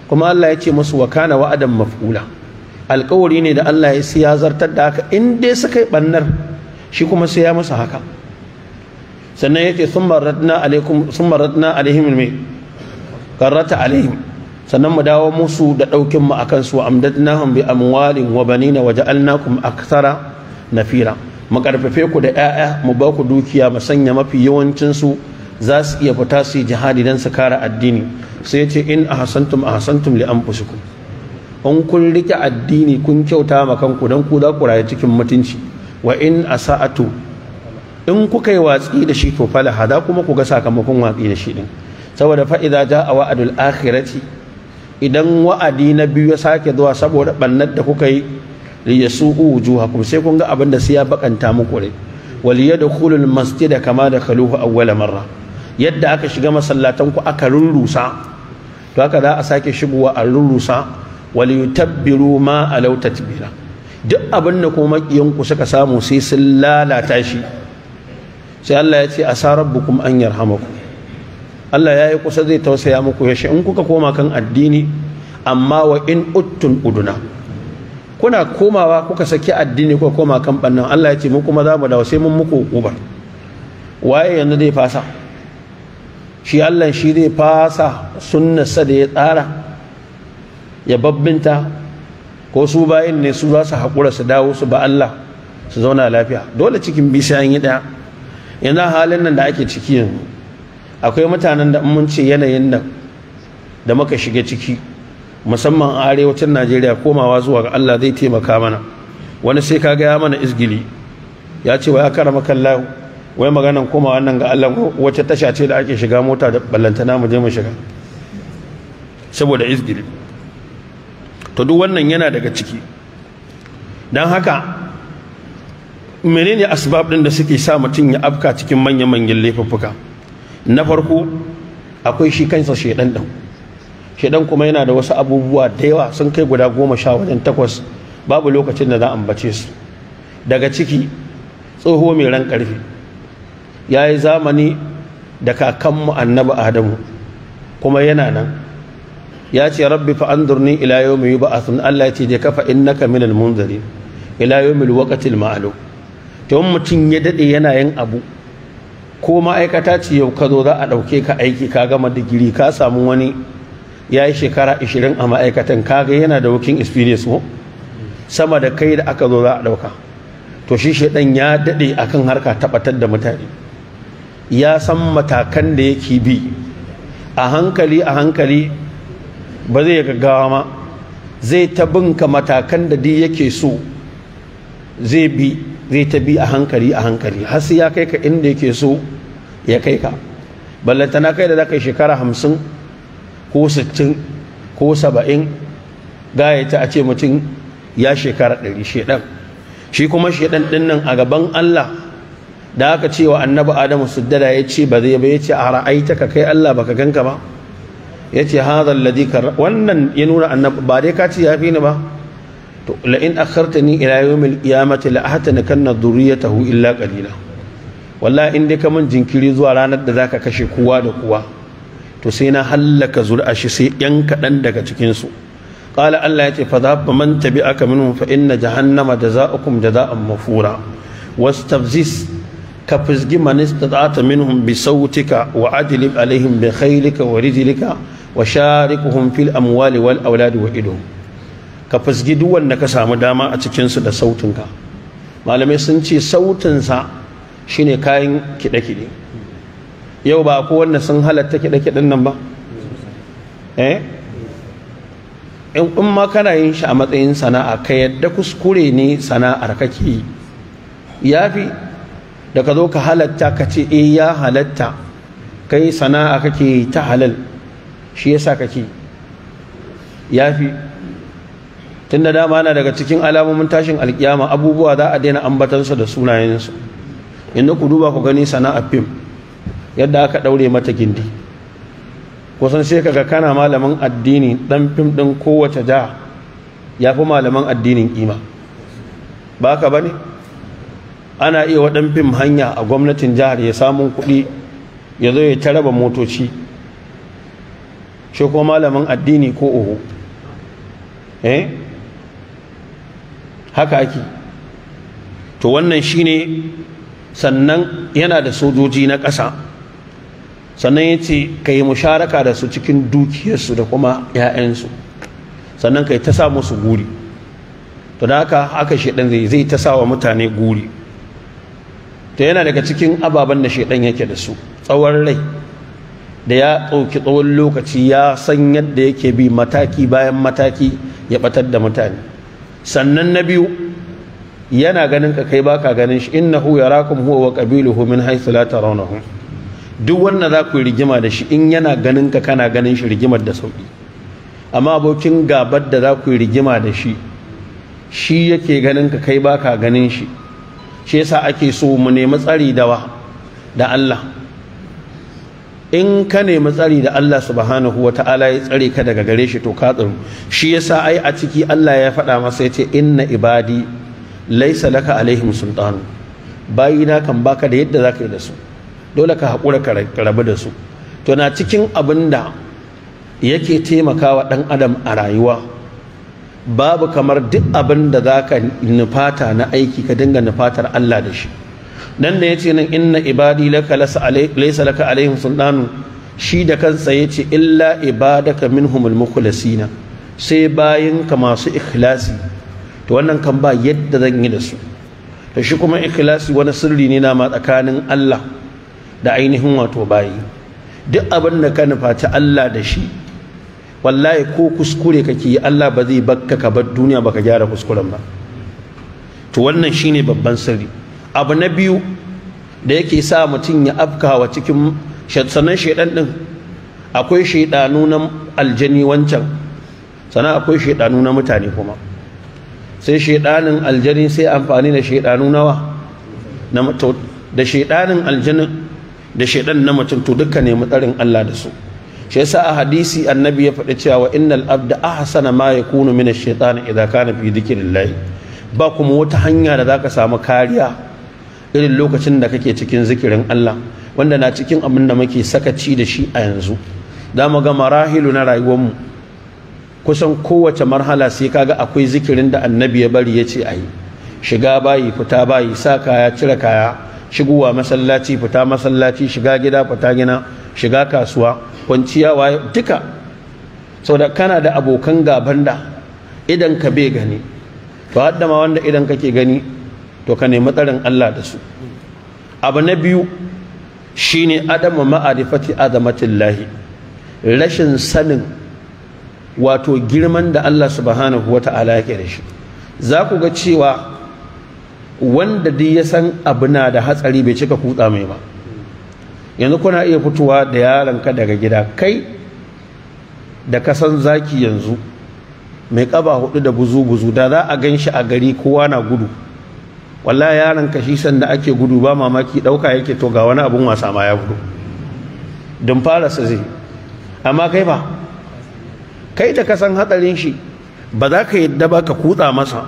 [SPEAKER 2] kuma Allah ya ce musu wa kana wa'adan maf'ula alƙawari ne da Allah ya siya zartar da haka in dai suka yi bannar shi kuma sai ya masa haka sannan ya ce sun maratna alaihim mai karrata alaihim sannan mu dawo musu da ɗaukin mu akan su amdadnahum bi amwalin wa banina wa ja'alnakum akthara nafira mu karfafe ku da 'ya'ya mu ba ku dukiya mu sanya mafi yawancin su za su iya fita su jihadi dan su kare addini sai ya ce in ahsantum ahsantum li anfusikum in kun rike addini kun kyauta ma kanku don ku za ku rayu cikin mutunci wa in asa'atu in kuka yi watsi da shi to falaha za kuma ku ga sakamakon watsi da shi din saboda fa'iza ja'a wa'adul akhirati idan wa'adi na biyu ya sake zuwa saboda bannar da kuka yi li yasu'u wujuhakum sai kun ga abin da sai ya bakanta muku rai wal yadkhulu maske masjida kama dakhaluhu awwal marra yadda aka shiga masallatan ku aka rurrusa to haka za a sake shigowa a rurrusa wal yutabbiru ma alaw tatbira duk abin da kuma makiyan ku suka samu sai sun lalata shi sai Allah ya ce asa rabbukum an yarhamakum Allah ya yi kusa zai tausaya muku ya in kuka koma kan addini amma wa in uttun uduna kuna komawa kuka saki addini kuka koma kan bannan Allah ya ce mu kuma za mu dawo sai mun muku ubar waye yanzu zai fasa shi Allah shi zai fasa sa da ya tsara ya babbinta ko su bayin ne su za su haƙura su dawo su ba Allah su zauna lafiya dole cikin bisa yi ɗaya yanzu halin nan da ake ciki yanzu akwai mutanen da mun ce yanayin nan da muka shiga ciki musamman a arewacin Najeriya komawa zuwa ga Allah zai taimaka mana wani sai kaga ya mana izgili ya ce ya akarama kallahu wai maganan komawa nan ga Allah wacce tasha ce da ake shiga mota da ballantana mu je mu shiga saboda izgili to duk wannan yana daga ciki dan haka menene asibab din da suke sa mutum ya afka cikin manya-manyan laifuffuka na farko akwai shi kansa shaidan din shaidan kuma yana da wasu abubuwa da yawa sun kai guda goma sha wajen takwas babu lokacin da za a ambace su daga ciki tsoho mai ran karfi ya yi zamani da kakanmu annabi adamu kuma yana nan ya ce rabbi fa anzurni ila yawmi yub'athun Allah ya ce je kafa innaka minal munzari ila yawmil ma'alo ma'lum to mutum ya dade yana yin abu ko ma'aikata ce yau ka zo za a ɗauke ka aiki ka gama digiri ka samu wani ya yi shekara 20 a ma'aikatan kaga yana da working experience ko sama da kai da aka zo za a ɗauka to shi shaidan ya daɗe kan harka tabbatar da mutane ya san matakan da yake bi a hankali a hankali ba zai gaggawa ma zai ta binka matakan da duk yake so zai bi zai ta bi a hankali a hankali har sai ya kai ka inda yake so ya kai ka tana kai da zaka shekara hamsin ko sittin ko saba'in gaya ta a ce mutum ya shekara ɗari shedan shi kuma shedan ɗin nan a gaban Allah da aka ce wa annabi Adamu suddada ya ce ba zai ba ya ce a ra'aita ka kai Allah baka ganka ba ya ce hadha alladhi wannan ya nuna annabi ba dai ka ce ya fi ni ba to la'in akhartani ila yawmil qiyamati la ya dhurriyatahu illa qalila wallahi in dai mun jinkiri zuwa ranar da zaka kashe kowa da kowa to sai na hallaka a shi sai yan kadan daga cikin su qala Allah yace fa dhabba man tabi'aka minhum fa inna jahannama jazaa'ukum jazaa'an mafura wastafziz ka fizgi man istata'ta minhum bi sautika wa adlib alaihim bi khaylika wa rijlika wa sharikuhum fil amwali wal auladi wa idhum ka fasgi duk wanda ka samu dama a cikinsu da sautinka malamai sun ce sautinsa shine kayan kiɗe-kiɗe yau ba ko wanda sun halatta kiɗe-kiɗen nan ba eh in ma kana yin shi a matsayin sana'a ka yadda kuskure ne sana'ar kake yi yafi da ka zo ka halatta ka ce eh ya halatta kai sana'a kake ta halal shi yasa kake yafi tunda dama yana daga cikin alamomin tashin alkiyama abubuwa za a daina ambatansu da sunayensu inda ku duba ku gani sana'a fim yadda aka daure mata gindi kusan sai kaga kana malamin addini dan fim din kowace ja fi malaman addinin kima ba ka ba ne? ana iya wadan fim hanya a gwamnatin jihar ya samun kuɗi ya zo ya taraba motoci shi ko malamin addini ko oho eh haka ake to wannan shine sannan yana da sojoji na ƙasa sannan ya ce ka yi musharaka da su cikin dukiyarsu da kuma 'ya'yansu sannan ka yi ta sa musu guri to da haka haka shaidan zai ta sa wa mutane guri to yana daga cikin ababen da shaidan yake da su tsawon rai da ya ɗauki tsawon lokaci ya san yadda yake bi mataki bayan mataki ya ɓatar da mutane sannan na biyu yana ganin ka kai baka ganin shi innahu yarakum huwa wa qabiluhu min haythu la tarawnahum duk wanda za ku rigima da shi in yana ganin ka kana ganin shi rigimar da sauƙi. amma abokin gabar da za ku rigima da shi shi yake ganin ka kai baka ganin shi shi yasa ake so mu nemi tsari da wa da Allah in ka nemi tsari da Allah subhanahu wata'ala ya tsare ka daga gare shi to ka tsaro shi yasa ai a ciki Allah ya faɗa masa ya ce, inna ibadi laisa laka alaihim sultan bayina kan baka da yadda zaka yi da su dole ka haƙura ka rabu da su to na cikin abin da yake taimakawa ɗan adam a rayuwa babu kamar duk abin da zaka nufata na aiki ka dinga nufatar Allah da shi dan da yace nan inna ibadi laka laysa laka alaihim sultanu shi da kansa yace illa ibadaka minhumul mukhlasina sai bayin ka masu ikhlasi to wannan kan ba yadda zan yi da su to shi kuma ikhlasi wani sirri ne na ma tsakanin Allah da ainihin wato bayi duk abin da ka nufaci Allah da shi wallahi ko kuskure kake yi Allah ba zai bakka ka bar duniya baka gyara kuskuren ba to wannan shine babban sirri abu na biyu da yake sa mutum ya afkawa cikin sannan shaidan din akwai shaidanu na aljani wancan sannan akwai shaidanu na mutane kuma sai shaidanin aljani sai amfani da shaidanu nawa na da shaidanin aljani da shaidan na mutum to duka ne mutsarin Allah da su shi yasa a hadisi annabi ya faɗi cewa innal abda ahsana ma yakunu min ash-shaytan idza kana fi dhikrillah ba kuma wata hanya da zaka samu kariya irin lokacin da kake cikin zikirin Allah wanda na cikin abin da muke sakaci da shi a yanzu da mu ga marahilu na rayuwarmu kusan kowace marhala sai kaga akwai zikirin da annabi ya bari ya ce a yi shiga bayi fita bayi sa kaya cire kaya shigowa masallaci fita masallaci shiga gida fita gina shiga kasuwa kwanciya waye duka da kana da abokan gaban da idan ka bai gani to hadda wanda idan kake gani to ka nemi tsarin Allah da su abu na biyu shine adama ma'arifati azamatillahi rashin sanin wato girman da Allah subhanahu wata'ala yake da shi za ku ga cewa wanda dai ya san abu na da hatsari bai cika kutsa mai ba yanzu kuna iya fitowa da yaronka daga gida kai da ka san zaki yanzu mai kaba hudu da buzu buzu da za a gan shi a gari kowa na gudu wallahi yaron ka shi sanda ake gudu ba mamaki dauka yake to ga wani abun wasa ma ya gudu don fara sa zai amma kai ba kai da ka san hatsarin shi ba za ka yadda ba ka kutsa masa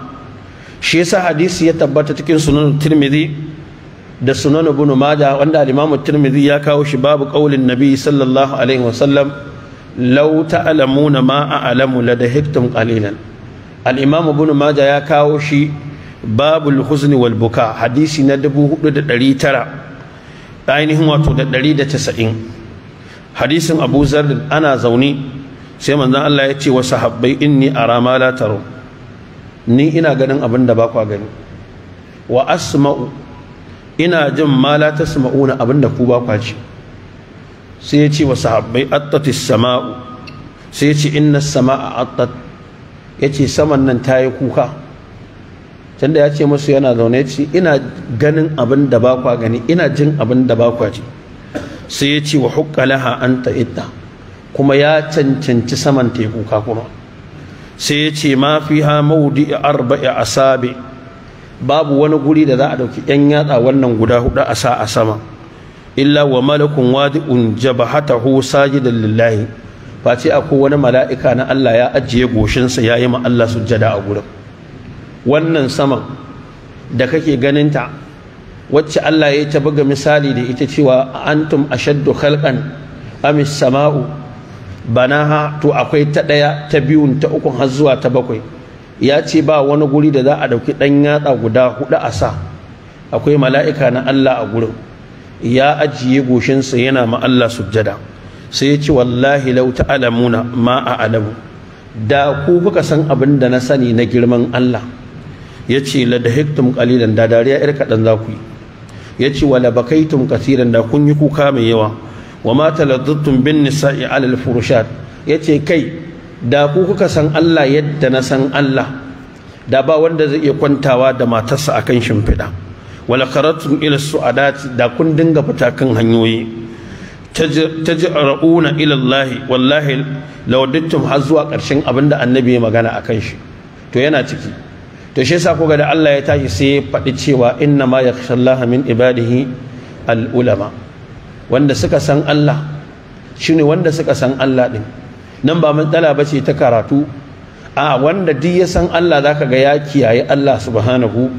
[SPEAKER 2] shi yasa hadisi ya tabbata cikin sunan tirmidhi da sunan ibn majah wanda al-imam tirmidhi ya kawo shi babu qaulin nabi sallallahu alaihi wasallam law ta'lamuna ma a'lamu ladahiktum qalilan al-imam ibn majah ya kawo shi babul huzni wal buka hadisi na 4900 ainihin wato da 190 hadisin Abu ana zaune sai manzon Allah ya ce wa sahabbai inni ara ma la ni ina ganin abin da gani wa asma'u ina jin ma la tasma'una ku ba ku sai ya ce wa sahabbai sama'u sai ya yace saman nan ta yi kuka tunda ya ce musu yana zaune ci ina ganin abin da ba gani ina jin abin da ba kwa ji sai ya ce wa hukka laha anta idda kuma ya cancanci saman teku ka kuma sai ya ce ma fiha mawdi'u arba'i asabi babu wani guri da za a dauki yan yatsa wannan guda hudu a sa a sama illa wa malakun wadi'un jabahatahu sajidan lillahi face akwai wani mala'ika na Allah ya ajiye goshinsa yayi ma Allah sujjada a gurin wannan saman da kake ganinta wacce Allah ya ta buga misali da ita cewa antum ashaddu khalqan amis sama'u banaha to akwai ta ɗaya ta biyun ta uku har zuwa ta bakwai ya ce ba wani guri da za a ɗauki ɗan yatsa guda huɗu a sa akwai mala'ika na Allah a gurin ya ajiye goshinsa yana ma Allah sujjada sai ya ce wallahi lau ta'lamuna ma a alamu da ku kuka san abin da na sani na girman Allah yace lada dahiktum qalilan da dariya yar kadan za ku yi yace wala bakaitum kaseeran da kun yi kuka mai yawa wama taladdtum bin nisa'i ala al furushat yace kai da ku kuka san Allah yadda na san Allah da ba wanda zai iya kwantawa da matarsa akan shimfida wala qaratun ila su'adat da kun dinga fita kan hanyoyi tajra'una ila Allah wallahi law dittum har zuwa ƙarshen abinda annabi ya magana akan shi to yana ciki to shi yasa da Allah ya tashi sai ya faɗi cewa inna ma yakhshallaha min ibadihi al-ulama wanda suka san Allah shine wanda suka san Allah din nan ba matsala bace ta karatu a wanda duk ya san Allah zaka ga ya kiyaye Allah subhanahu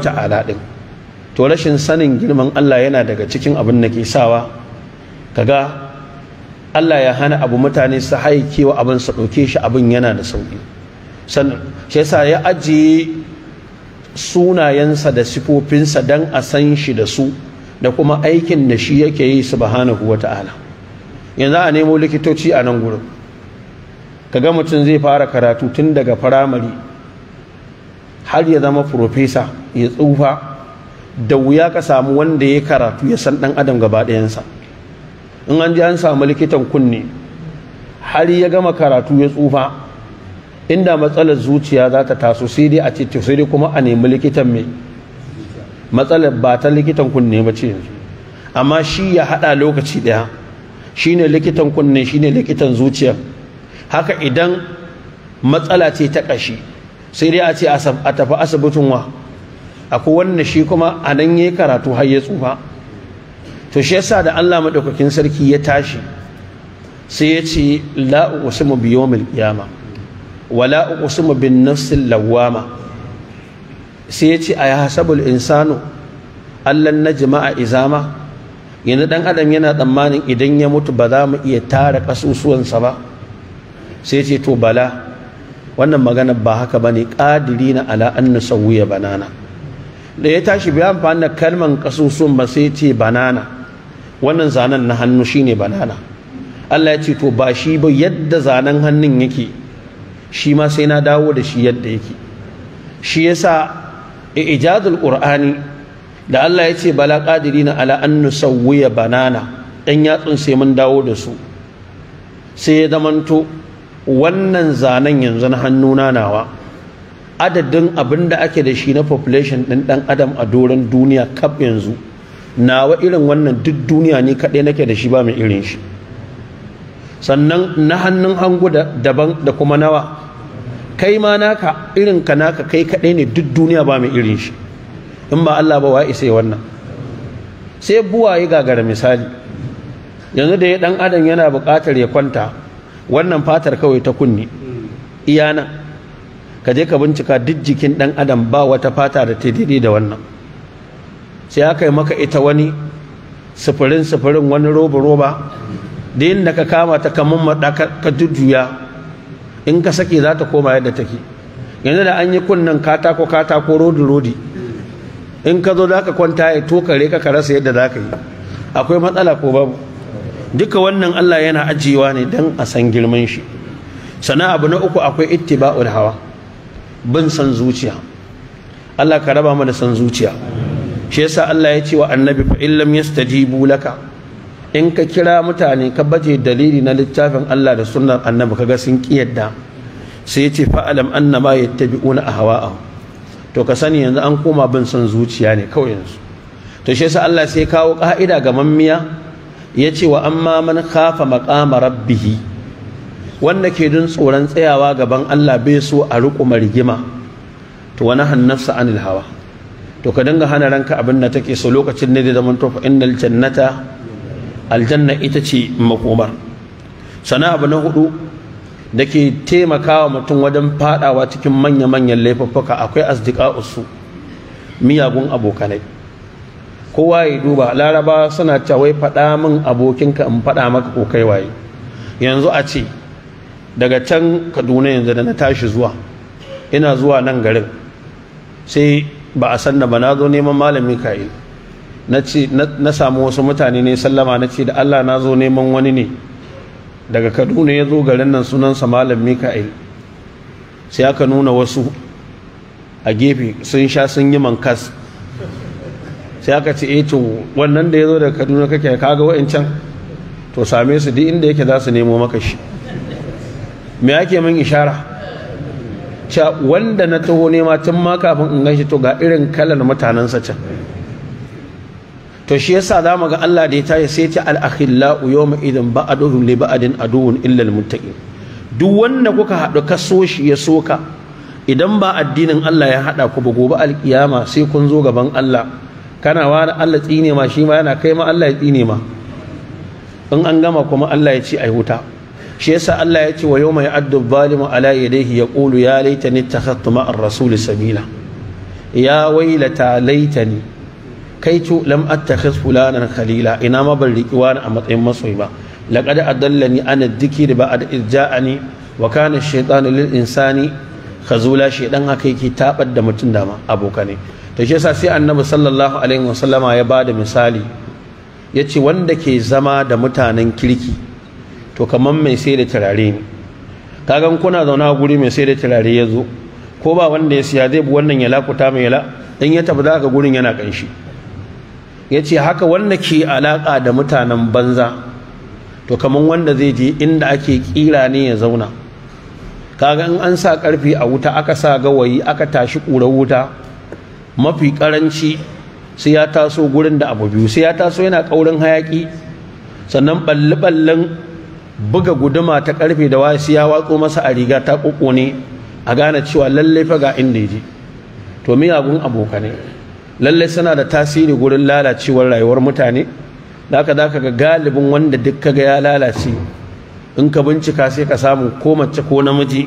[SPEAKER 2] ta'ala din to rashin sanin girman Allah yana daga cikin abin da ke sawa kaga Allah ya hana abu mutane su haikewa abin su ɗauke shi abin yana da sauƙi shi yasa ya ajiye sunayensa da sifofinsa don a san shi da su da kuma aikin da shi yake yi su subhanahu wata'ala yanzu a nemo likitoci a nan gurin kaga mutum zai fara karatu tun daga firamare har ya zama profesa ya tsufa da wuya ka samu wanda ya karatu ya san dan adam gaba ɗayansa in an ji an samu likitan kunne har ya gama karatu ya tsufa inda matsalar zuciya za ta taso sai dai a ce sai dai kuma a nemi likitan mai matsalar ba ta likitan kunne ba ce yanzu amma shi ya hada lokaci daya shine likitan kunne shine likitan zuciya haka idan matsala ce ta kashi sai dai a ce a tafi asibitin wa akwai wannan shi kuma a nan yayi karatu har ya tsufa to shi yasa da Allah madaukakin sarki ya tashi sai ya ce la uqsimu bi yawmil qiyamah wala uqsimu bin nafsil lawwama sai yace hasabul insanu allan najma'a izama yanzu dan adam yana tsammanin idan ya mutu ba za mu iya tara kasusuwansa ba sai ce to bala wannan magana ba haka bane qadirina ala an nusawiya banana da ya tashi biya amfani da kalman kasusuwan ba sai ce banana wannan zanen na hannu shine banana Allah ya ce to ba shi ba yadda zanen hannun yake shi ma sai na dawo da shi yadda yake shi yasa ijazul qur'ani da Allah ya ce bala qadirina ala an nusawwiya banana dan yatsun sai mun dawo da su sai ya zamanto wannan zanen yanzu na hannuna nawa adadin abin da ake da shi na population ɗin ɗan adam a doron duniya kaf yanzu nawa irin wannan duk duniya ne kaɗai nake da shi ba mai irin shi sannan na hannun hangu daban da kuma nawa kai ma naka irin ka naka kai kaɗai ne duk duniya ba mai irin shi in ba Allah ba wa wannan sai buwa ya gagara misali yanzu da ya dan adam yana buƙatar ya kwanta wannan fatar kawai ta kunni iyana ka je ka bincika duk jikin dan adam ba wata fata da ta daidai da wannan sai aka yi maka ita wani sufurin sufurin wani roba roba da yin ka kama ta kamar maɗa ka jujjuya in ka sake za ta koma yadda take yanzu da an yi kunnen katako katako rodi rodi in ka zo za ka kwanta ya tokare ka rasa yadda za ka yi akwai matsala ko babu duka wannan Allah yana ajiyewa ne don a san girman shi sana abu na uku akwai ittiba'ul hawa bin san zuciya Allah ka raba mu da san zuciya shi yasa Allah ya ce wa annabi fa illam yastajibu laka in ka kira mutane ka baje dalili na littafin Allah da sunnar annabi ka ga sun kiyarda sai ya ce fa'alam annama yattabi'una ahwa'ahum to ka sani yanzu an koma bin son zuciya ne kawai yanzu to shi yasa Allah sai kawo ka'ida ga mammiya ce wa amma man khafa maqama rabbihi wanda ke jin tsoron tsayawa gaban Allah bai so a riƙo marigima to wani hannafsa anil hawa to ka dinga hana ranka abin da take so lokacin ne da zaman to innal jannata aljanna ita ce makomar sana abu na hudu da ke taimakawa mutum wajen fadawa cikin manya-manyan laifuffuka akwai usu miyagun abokanai kowa ya duba laraba suna cewa faɗa min abokinka in faɗa maka ko kai waye yanzu a ce daga can kaduna yanzu da na tashi zuwa ina zuwa nan garin sai ba a san da ba na zo neman malamin ka'il na samu wasu mutane ne sallama na ce da Allah na zo neman wani ne daga kaduna ya zo garin nan sunansa malam mika'il sai aka nuna wasu a gefe sun sha sun yi mankas sai aka ce eh to wannan da ya zo daga kaduna kake kaga wa'ancan to same su duk inda yake za su nemo maka shi me ake min ishara wanda na taho nema tun ma kafin in ganshi to ga irin kalar mutanensa can to shi yasa za mu ga Allah da ya tayi sai ta al-akhillau yawma idan ba'aduhum li ba'adin aduwwun illa al-muttaqin duk wanda kuka haɗu ka so shi ya soka idan ba addinin Allah ya haɗa ku ba gobe alƙiyama sai kun zo gaban Allah kana wa Allah tsine ma shi ma yana kai ma Allah ya tsine ma in an gama kuma Allah ya ce ai wuta shi yasa Allah ya ce wa yawma ya'addu zalimu ala yadayhi yaqulu ya laitani ittakhadtu ma'ar rasuli sabila ya wailata laitani kai cu lam attakhiz fulanan khalila ina ma ban riki wani a matsayin masoyi ba laqad adallani ana adh-dhikri ba'd idja'ani wa kana ash-shaytanu lil insani khazula shaydan haka yake tabar da mutun dama ne to shi yasa sai annabi sallallahu alaihi wasallama ya bada misali yace wanda ke zama da mutanen kirki to kaman mai sai da turare ne kagan kuna zauna guri mai sai da turare ya zo ko ba wanda ya siya zai bi wannan ya lakuta mai yala in ya tafi za ka gurin yana kanshi Ya ce haka wanda ke alaƙa da mutanen banza to kamar wanda zai je inda ake ƙira ne ya zauna kaga in an sa ƙarfi a wuta aka sa gawayi aka tashi ƙura wuta mafi ƙaranci sai ya taso gurin da abu biyu sai ya taso yana ƙaurin hayaƙi sannan balli buga guduma ta karfe da wasu ya watso masa a riga ta ne a gane cewa lallai fa ga inda je to miyagun abokanai lallai suna da tasiri gurin lalacewar rayuwar mutane da haka za ka ga galibin wanda duk kaga ya lalace in ka bincika sai ka samu ko mace ko namiji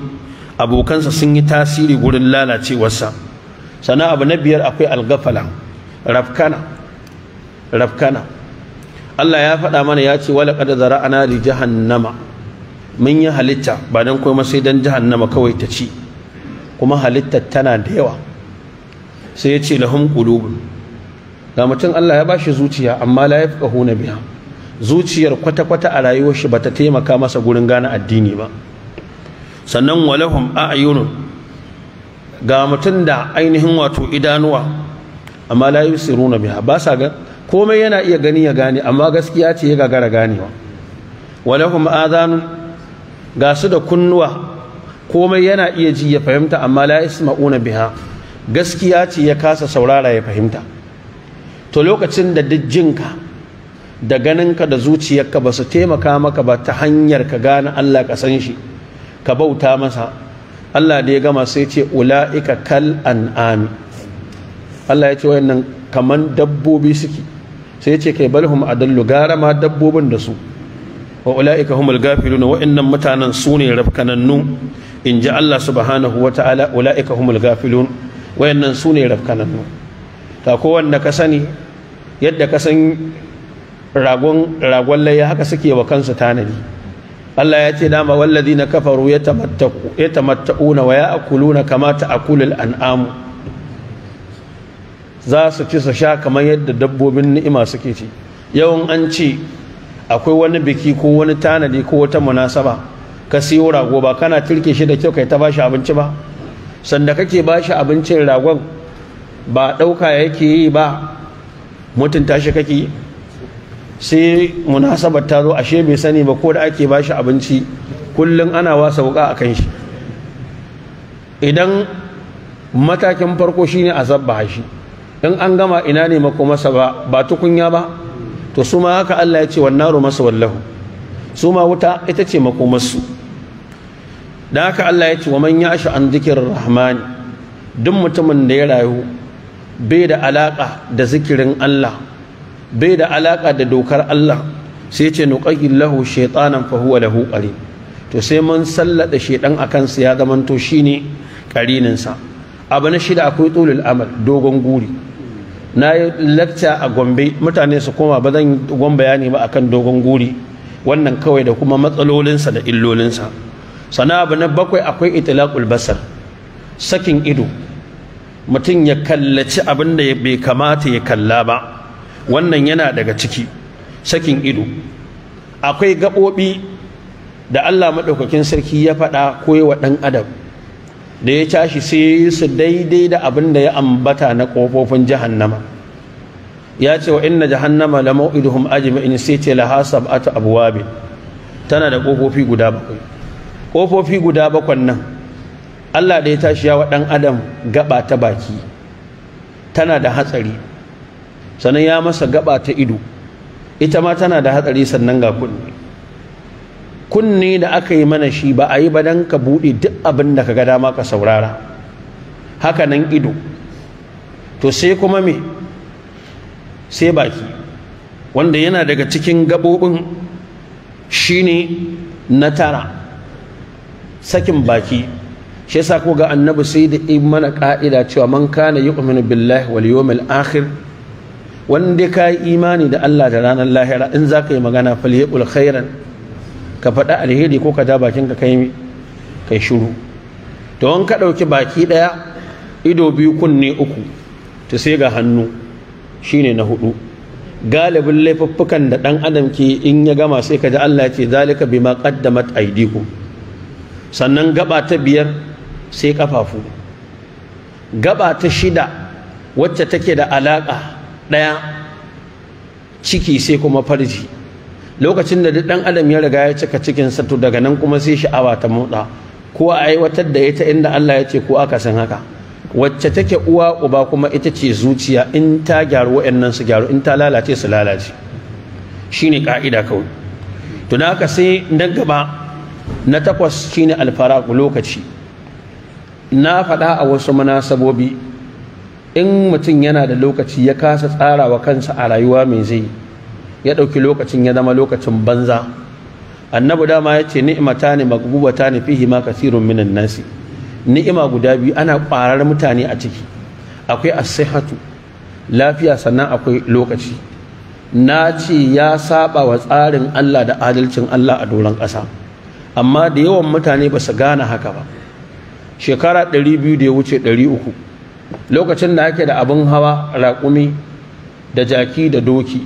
[SPEAKER 2] abokansa sun yi tasiri gurin lalacewarsa sannan abu na biyar akwai algafala rafkana rafkana Allah ya faɗa mana ya ce wala zara ana li jahannama mun yi halitta ba dan kuma sai dan jahannama kawai ta ci kuma halittar tana da yawa sai ya ce lahun qulubun ga mutum Allah ya ba shi zuciya amma la na biya zuciyar kwata kwata a rayuwar shi ta taimaka masa gurin gane addini ba sannan walahum a'yunun ga mutum da ainihin wato idanuwa amma la na biya ba sa ga komai yana iya gani ya gane amma gaskiya ce ya gagara ganewa walahum adhanun ga su da kunnuwa komai yana iya ji ya fahimta amma la yasma'una biha gaskiya ce ya kasa saurara ya fahimta to lokacin da duk jinka da ganinka da zuciyarka ba su taimaka maka ba ta hanyar ka gane Allah ka san shi ka bauta masa Allah da ya gama sai ce ula'ika kal an'ami Allah ya ce wayannan kaman dabbobi suke sai ce kai balhum adallu gara ma dabbobin da su wa ula'ika humul gafilun wa'annan mutanen su ne rafkanannu in ji Allah subhanahu wa ta'ala ula'ika humul gafilun wayannan su ne nan ta kowanne ka sani yadda ka san ragon layya haka suke wa kansu tanadi Allah ya ce dama walladina kafaru yatamatta'una wa kamata kama ta'kulul an'am za su ci su sha kamar yadda dabbobin ni'ima suke ci yawan an ce akwai wani biki ko wani tanadi ko wata munasaba ka siyo rago ba kana tilke shi da kyau kai ta bashi abinci ba sanda kake ba shi abincin ragon ba ɗauka yake yi ba mutunta shi kake sai munasabar ta zo ashe bai sani ba ko da ake ba shi abinci kullum ana wasa wuka a kan shi idan matakin farko shine a zabba shi in an gama ina ne makomasa ba ba tukunya ba to suma haka Allah ya ce wannan masu wallahu su wuta ita ce makomarsu da haka Allah ya ce wa man ya'shu an zikirin rahmani duk mutumin da ya rayu bai da alaka da zikirin Allah bai da alaƙa da dokar Allah sai ya ce nuqayyil lahu shaytanan fa huwa lahu qarin to sai mun sallada shaydan akan sa ya zamanto shi ne sa abu na shida akwai tulul amal dogon guri na yi lakca a Gombe mutane su koma ba zan gwan bayani ba akan dogon guri wannan kawai da kuma matsalolinsa da illolinsa sana abu na bakwai akwai itlaqul basar sakin ido mutum ya kallaci abin da bai kamata ya kalla ba wannan yana daga ciki sakin ido akwai gaɓoɓi da Allah maɗaukakin sarki ya faɗa ko wa ɗan adam da ya tashi sai ya yi su daidai da abin da ya ambata na ƙofofin jahannama ya ce wa inna jahannama la mau'iduhum ajma'in sai ce laha sab'atu abwabin tana da ƙofofi guda bakwai kofofi guda bakwan nan Allah da ya tashi wa dan adam gaba ta baki tana da hatsari sannan ya masa gaba ta ido ita ma tana da hatsari sannan ga kunne kunne da aka yi mana shi ba a yi ba dan ka bude duk abin da ka ga dama ka saurara haka nan ido to sai kuma me sai baki wanda yana daga cikin gabobin shine na tara sakin baki shi yasa ko ga annabi sai da mana ka'ida cewa man kana yu'minu billahi wal yawmil akhir wanda ka yi imani da Allah da ranar lahira in za ka yi magana falyaqul khairan ka faɗa alheri ko ka ja bakin ka kai kai shiru to in ka ɗauki baki ɗaya ido biyu kunne uku ta sai ga hannu shine na hudu galibin laifuffukan da ɗan adam ke in ya gama sai ka ji Allah ya ce zalika bima qaddamat aydikum sannan gaba ta biyar sai kafafu gaba ta shida wacce take da alaƙa ɗaya ciki sai kuma farji lokacin da duk adam ya riga ya cika cikin sa to daga nan kuma sai sha'awa ta motsa ko a aiwatar da ita inda Allah ya ce ko aka san haka wacce take uwa uba kuma ita ce zuciya in ta gyaru wa'annan su gyaru in ta lalace su lalace shine ka'ida kawai to da haka sai dan gaba na takwas shine alfaraku lokaci na faɗa a wasu munasabobi in mutum yana da lokaci ya kasa tsara wa kansa a rayuwa mai zai ya ɗauki lokacin ya zama lokacin banza annabi dama ya ce ni'imata ne ta ne fihi ma kasirun minan nasi ni'ima guda biyu ana kwarar mutane a ciki akwai asihatu lafiya sannan akwai lokaci na ce ya saba wa tsarin Allah da adalcin Allah a doron ƙasa amma da yawan mutane ba su gane haka ba shekara 200 da ya wuce 300 lokacin da ake da abin hawa raƙumi da jaki da doki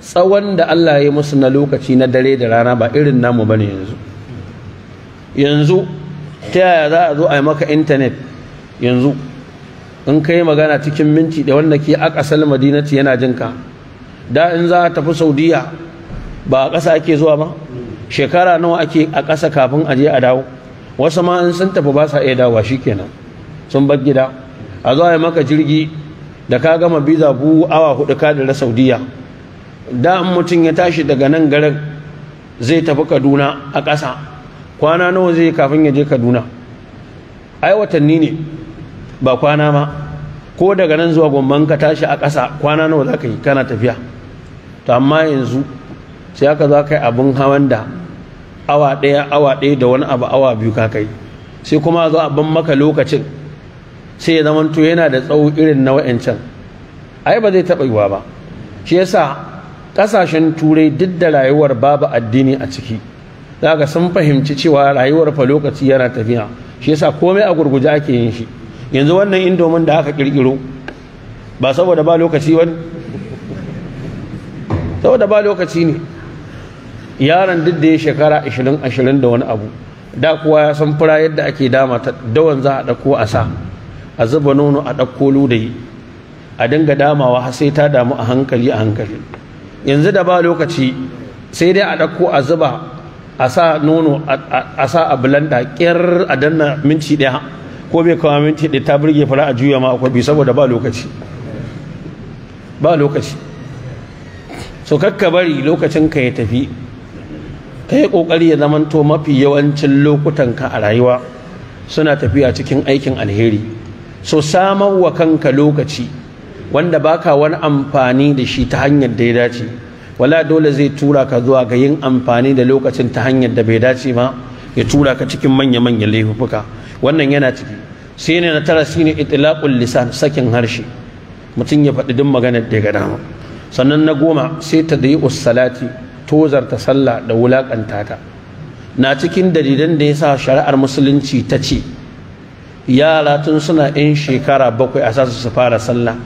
[SPEAKER 2] tsawon da Allah ya musu na lokaci na dare da rana ba irin namu bane yanzu yanzu ta yaya za a zo a yi maka intanet yanzu in ka yi magana cikin minti da wanda ke ƙasar madinaci yana jinka da in za a tafi saudiya ba a ƙasa ake zuwa ba shekara nawa ake a ƙasa kafin a je a dawo wasu ma in sun tafi ba sa iya dawowa shikenan sun bar gida a zo ya maka jirgi da ka gama biza bu awa hudu ka da saudiya da in mutum ya tashi daga nan garin zai tafi kaduna a ƙasa kwana nawa zai kafin ya je kaduna ai watanni ne ba kwana ma ko daga nan zuwa gomman ka tashi a ƙasa kwana nawa za ka yi kana tafiya to amma yanzu sai aka za ka yi abin hawan da awa ɗaya awa ɗaya da wani abu awa biyu ka kai sai kuma zo a ban maka lokacin sai ya zamanto yana da tsawo irin na wa'ancan ai ba zai taɓa yiwa ba shi yasa ƙasashen turai duk da rayuwar babu addini a ciki za ka sun fahimci cewa rayuwar fa lokaci yana tafiya shi yasa komai a gurguje ake yin shi yanzu wannan indomin da aka ƙirƙiro ba saboda ba lokaci wani saboda ba lokaci ne yaron duk da ya shekara 20 20 da wani abu da kuwa ya san fura yadda ake dama ta dawan za a ɗauko a sa a zuba nono a ɗauko ludayi a dinga damawa har sai ta damu a hankali a hankali yanzu da ba lokaci sai dai a ɗauko a zuba a sa nono a sa a blanda ƙyar a danna minti ɗaya ko bai kawo minti ɗaya ta burge fara a juya ma akwai saboda ba lokaci ba lokaci so kakka bari lokacin ka ya tafi ka yi ya zamanto mafi yawancin lokutan ka a rayuwa suna tafiya cikin aikin alheri so samar wa kanka lokaci wanda baka wani amfani da shi ta hanyar da ya dace wala dole zai tura ka zuwa ga yin amfani da lokacin ta hanyar da bai dace ba ya tura ka cikin manya-manyan laifuka wannan yana ciki sai ne na tara shine itlaqul lisan sakin harshe mutum ya faɗi duk maganar da ya ga sannan na goma sai ta da usalati. tozarta sallah da wulakanta ta na cikin dalilan da ya sa shari'ar musulunci ta ce yara tun suna yan shekara bakwai a sasu su fara sallah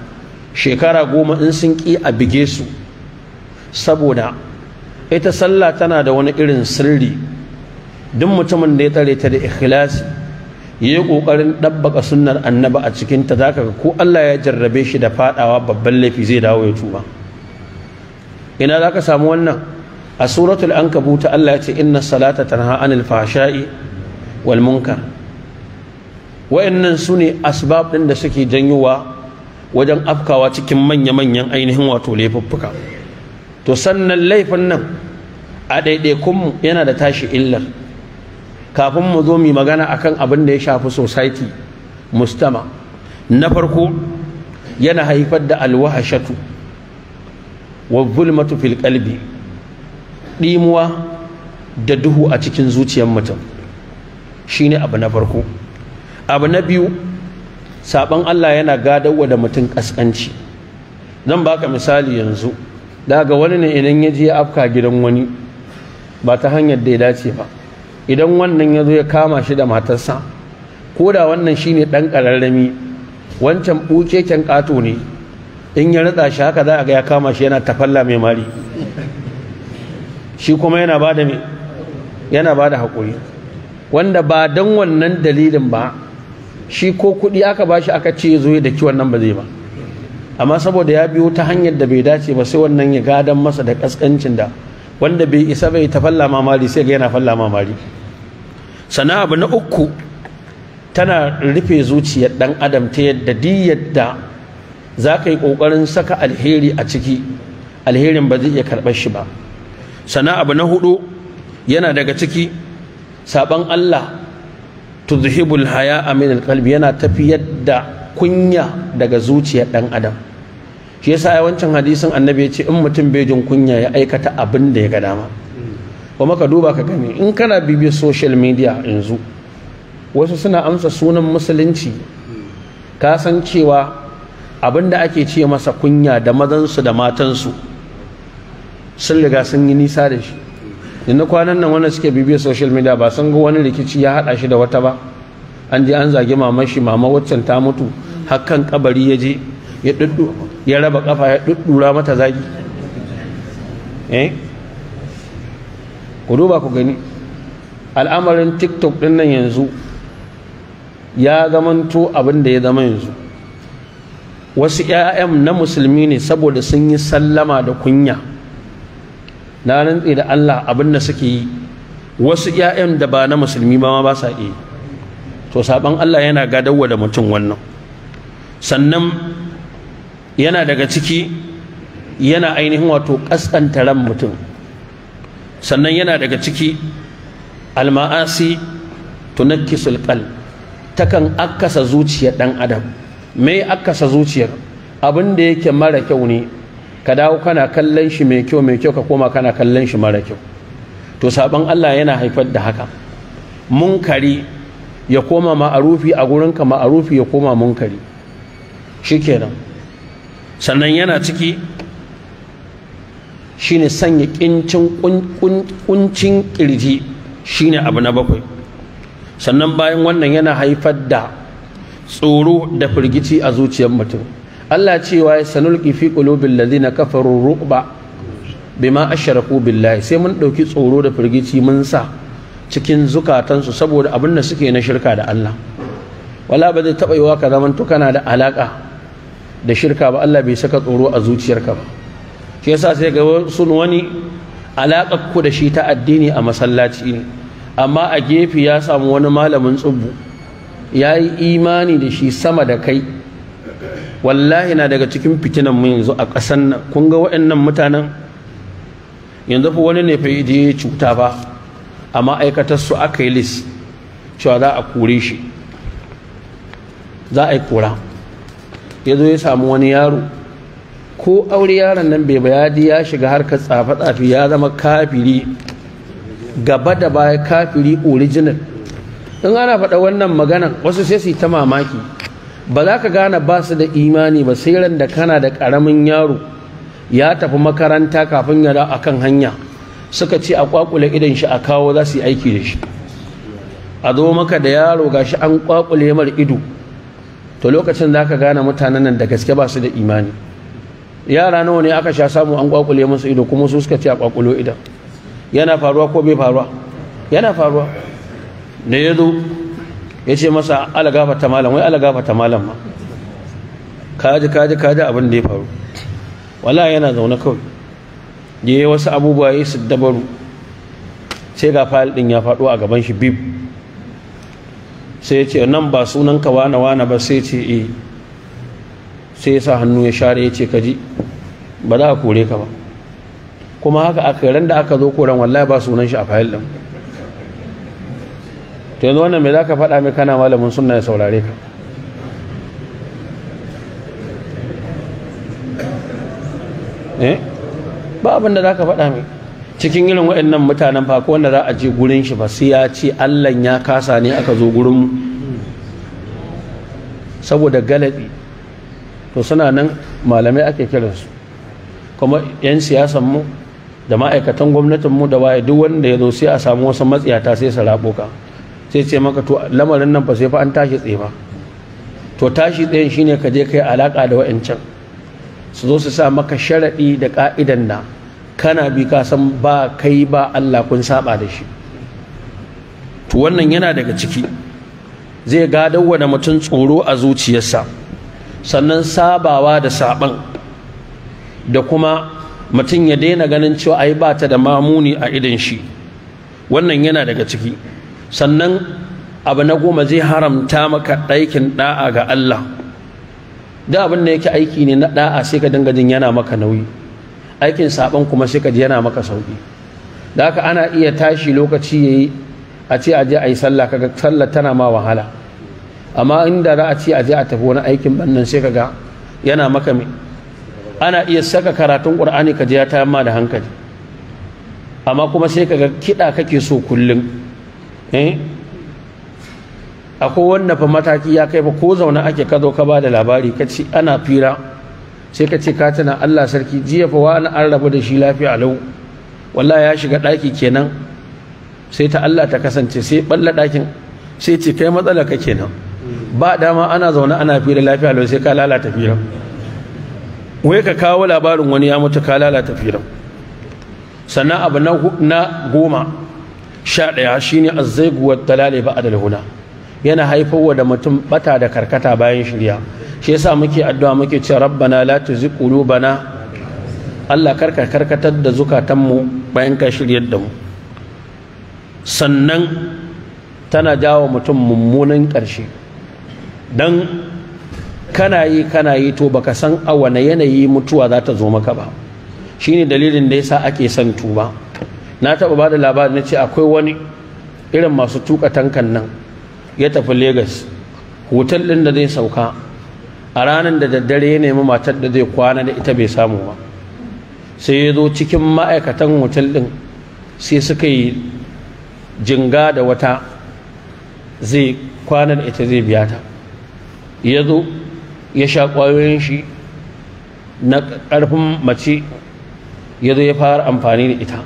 [SPEAKER 2] shekara goma in sun ƙi a bige su saboda ita sallah tana da wani irin sirri duk mutumin da ya tsare ta da ikhlasi yi ƙoƙarin ɗabbaƙa sunnar annaba a cikinta, ta zaka ga ko Allah ya jarrabe shi da faɗawa babban laifi zai dawo ya tuba ina za ka samu wannan a suratul ankabuta Allah ya ce inna salata tanha anil fahsha'i wal munkar wayannan sune asbab din da suke janyowa wajen afkawa cikin manya-manyan ainihin wato laifuffuka to sannan laifin nan a ɗaiɗaikunmu yana da tashi illar kafin mu zo mu magana akan abin da ya shafi society mustama na farko yana haifar da alwahashatu wa zulmatu fil qalbi ɗimuwa da duhu a cikin zuciyar mutum shi ne abu na farko abu na biyu sabon Allah yana gadawa da mutum kaskanci zan baka misali yanzu daga wani ne idan ya je ya afka gidan wani ba ta hanyar da ya dace ba idan wannan ya zo ya kama shi da matarsa ko da wannan shi shine ɗan ƙararrami wancan bukeken ƙato ne in ya ratsa shi haka za a ga ya kama shi yana tafalla mai mari shi kuma yana bada me yana bada hakuri wanda ba dan wannan dalilin ba shi ko kuɗi aka bashi aka ce zo ya daki wannan ba zai ba amma saboda ya biyo ta hanyar da bai dace ba sai wannan ya gadan masa da kaskancin da wanda bai isa bai ta falla mamari sai ga yana falla mamari sana abu na uku tana rufe zuciyar dan adam ta yadda di yadda za ka yi ƙoƙarin saka alheri a ciki alherin ba zai iya karɓar shi ba sana abu na hudu yana daga ciki saban Allah tuzhibul haya min alqalbi yana tafiyar da kunya daga zuciyar ɗan adam shi yasa yawancin hadisin annabi ya ce in mutum bai kunya ya aikata abin da ya ga dama kuma ka duba ka gani in kana bibiyar social media yanzu wasu suna amsa sunan musulunci ka san cewa abin da ake ce masa kunya da mazansu da matansu sun riga sun yi nisa da shi inda kwanan nan wanda suke bibiyar social media ba sun ga wani rikici ya haɗa shi da wata ba an je an zagi mama shi mama waccan ta mutu hakan kabari ya je ya duddu ya raba kafa ya duddura mata zagi eh ku duba ku gani al'amarin tiktok din nan yanzu ya zamanto abin da ya zama yanzu wasu 'ya'yan na musulmi ne saboda sun yi sallama da kunya na rantse da Allah abin da suke yi wasu ƴaƴan da ba na musulmi ba ma ba sa yi to saban Allah yana gadawa da mutum wannan sannan yana daga ciki yana ainihin wato kaskanta ran mutum sannan yana daga ciki alma'asi tunakkisul qal takan akasa zuciyar dan adam mai akasa zuciyar abin da yake mara kyau ne ka dawo kana kallon shi mai kyau mai kyau ka koma kana kallon shi mara kyau to sabon Allah yana haifar da haka munkari ya koma ma'arufi a gurinka ma'arufi ya koma munkari shikenan sannan yana ciki shine sanya kincin ƙirji kirji shine abu na bakwai sannan bayan wannan yana haifar da tsoro da firgici a zuciyar mutum Allah cewa ya sanulki fi qulubil ladina kafaru ruqba bima ashraku billahi sai mun ɗauki tsoro da firgici mun sa cikin zukatansu saboda abin da suke na shirka da Allah wala ba zai taba yiwa ka zaman to kana da alaka da shirka ba Allah bai saka tsoro a zuciyarka ba shi yasa sai ga sun wani alaƙar ku da shi ta addini a masallaci ne amma a gefe ya samu wani malamin tsubbu ya yi imani da shi sama da kai wallahi na daga cikin fitinan mu yanzu a ƙasan nan kun ga waɗannan mutanen yanzu fa wani ne fa ya cuta ba a ma'aikatar su aka yi lis cewa za a kore shi za a yi kora ya zo ya samu wani yaro ko aure yaron nan bai bayadi ya shiga harkar tsafe-tsafe ya zama kafiri gaba da baya kafiri original in ana faɗa wannan maganan wasu sai su yi ta mamaki ba za ka gane ba su da imani ba sai ran da kana da ƙaramin yaro ya tafi makaranta kafin ya a kan hanya suka ce a kwakule idan shi a kawo za su yi aiki da shi a zo maka da yaro gashi an kwakule mar ido to lokacin za ka gane mutanen nan da gaske ba su da imani yara nawa ne aka sha samu an kwakule musu ido kuma su suka ce a kwakulo idan yana faruwa ko bai faruwa yana faruwa ne ya zo ya ce masa alagafa ta malam wai alagafa ta malam ma kaji kaji kaji abin da ya faru wala yana zaune kawai ya yi wasu abubuwa ya su dabaru sai ga fayil ɗin ya faɗo a gaban shi bib sai ya ce nan ba sunan ka wane wane ba sai ce e sai ya sa hannu ya share ya ce kaji ba za a kore ka ba kuma haka a ran da aka zo koren wallahi ba sunan shi a fayil ɗin to yanzu wannan me ka faɗa mai kana malamin suna ya saurare ka eh? ba abin da ka faɗa mai cikin irin waɗannan mutanen fa ko wanda za a je gurin shi ba sai ya ce Allah ya kasa ne aka zo gurin mu saboda galabi to suna nan malamai ake kiransu kuma 'yan siyasan mu da ma'aikatan gwamnatin mu da waye duk wanda ya zo sai a samu wasu matsiyata sai su raɓo ka sai ce maka to lamarin nan ba sai fa an tashi tsaye ba to tashi tsayen shine ka je kai alaka da wayancan su zo su sa maka sharaɗi da ka'idan na kana bi ka san ba kai ba Allah kun saba da shi to wannan yana daga ciki zai gadawa wani mutum tsoro a zuciyarsa sannan sabawa da saban da kuma mutum ya daina ganin cewa ai ba ta da mamuni a idan shi wannan yana daga ciki sannan abu na goma zai haramta maka ɗaikin ɗa'a ga Allah da abin da yake aiki ne na ɗa'a sai ka dinga jin yana maka nauyi aikin saɓon kuma sai ka yana maka sauƙi da haka ana iya tashi lokaci ya yi a ce a je a yi sallah kaga sallah tana ma wahala amma inda za a ce a je a tafi wani aikin bannan sai kaga yana maka mai ana iya saka karatun ƙur'ani ka ji ya tayar da hankali amma kuma sai kaga kiɗa kake so kullum Eh? a wanda fa mataki ya kai ba ko zaune ake ka zo ka ba da labari ka ce ana fira sai ka ce ka tana Allah sarki jiya fa wa an rabu da shi lafiya lau wallahi ya shiga daki kenan sai ta Allah ta kasance sai balla dakin sai ce kai matsala ka kenan ba dama ana zaune ana fira lafiya lau sai ka lalata fira wai ka kawo labarin wani ya mutu ka lalata fira sannan abu na goma sha ɗaya shine azzaiguwar talale ba adal huna yana haifarwa da mutum bata da karkata bayan shirya shi yasa muke addu'a muke ce rabbana la tuzigh qulubana Allah karka karkatar da zukatanmu bayan ka shiryar da mu sannan tana jawo mutum mummunan karshe dan kana yi kana yi to baka san a wane yanayi mutuwa za ta zo maka ba shine dalilin da yasa ake son tuba na taɓa bada da na ce akwai wani irin masu tuka tankan nan ya tafi Legas hotel ɗin da zai sauka a ranar da daddare ya nemi matar da zai kwana da ita bai samu ba sai ya zo cikin ma'aikatan hotel ɗin sai suka yi jinga da wata zai kwana da ita zai biya ta ya zo ya sha ƙwayoyin shi na ƙarfin mace ya zo ya fara amfani da ita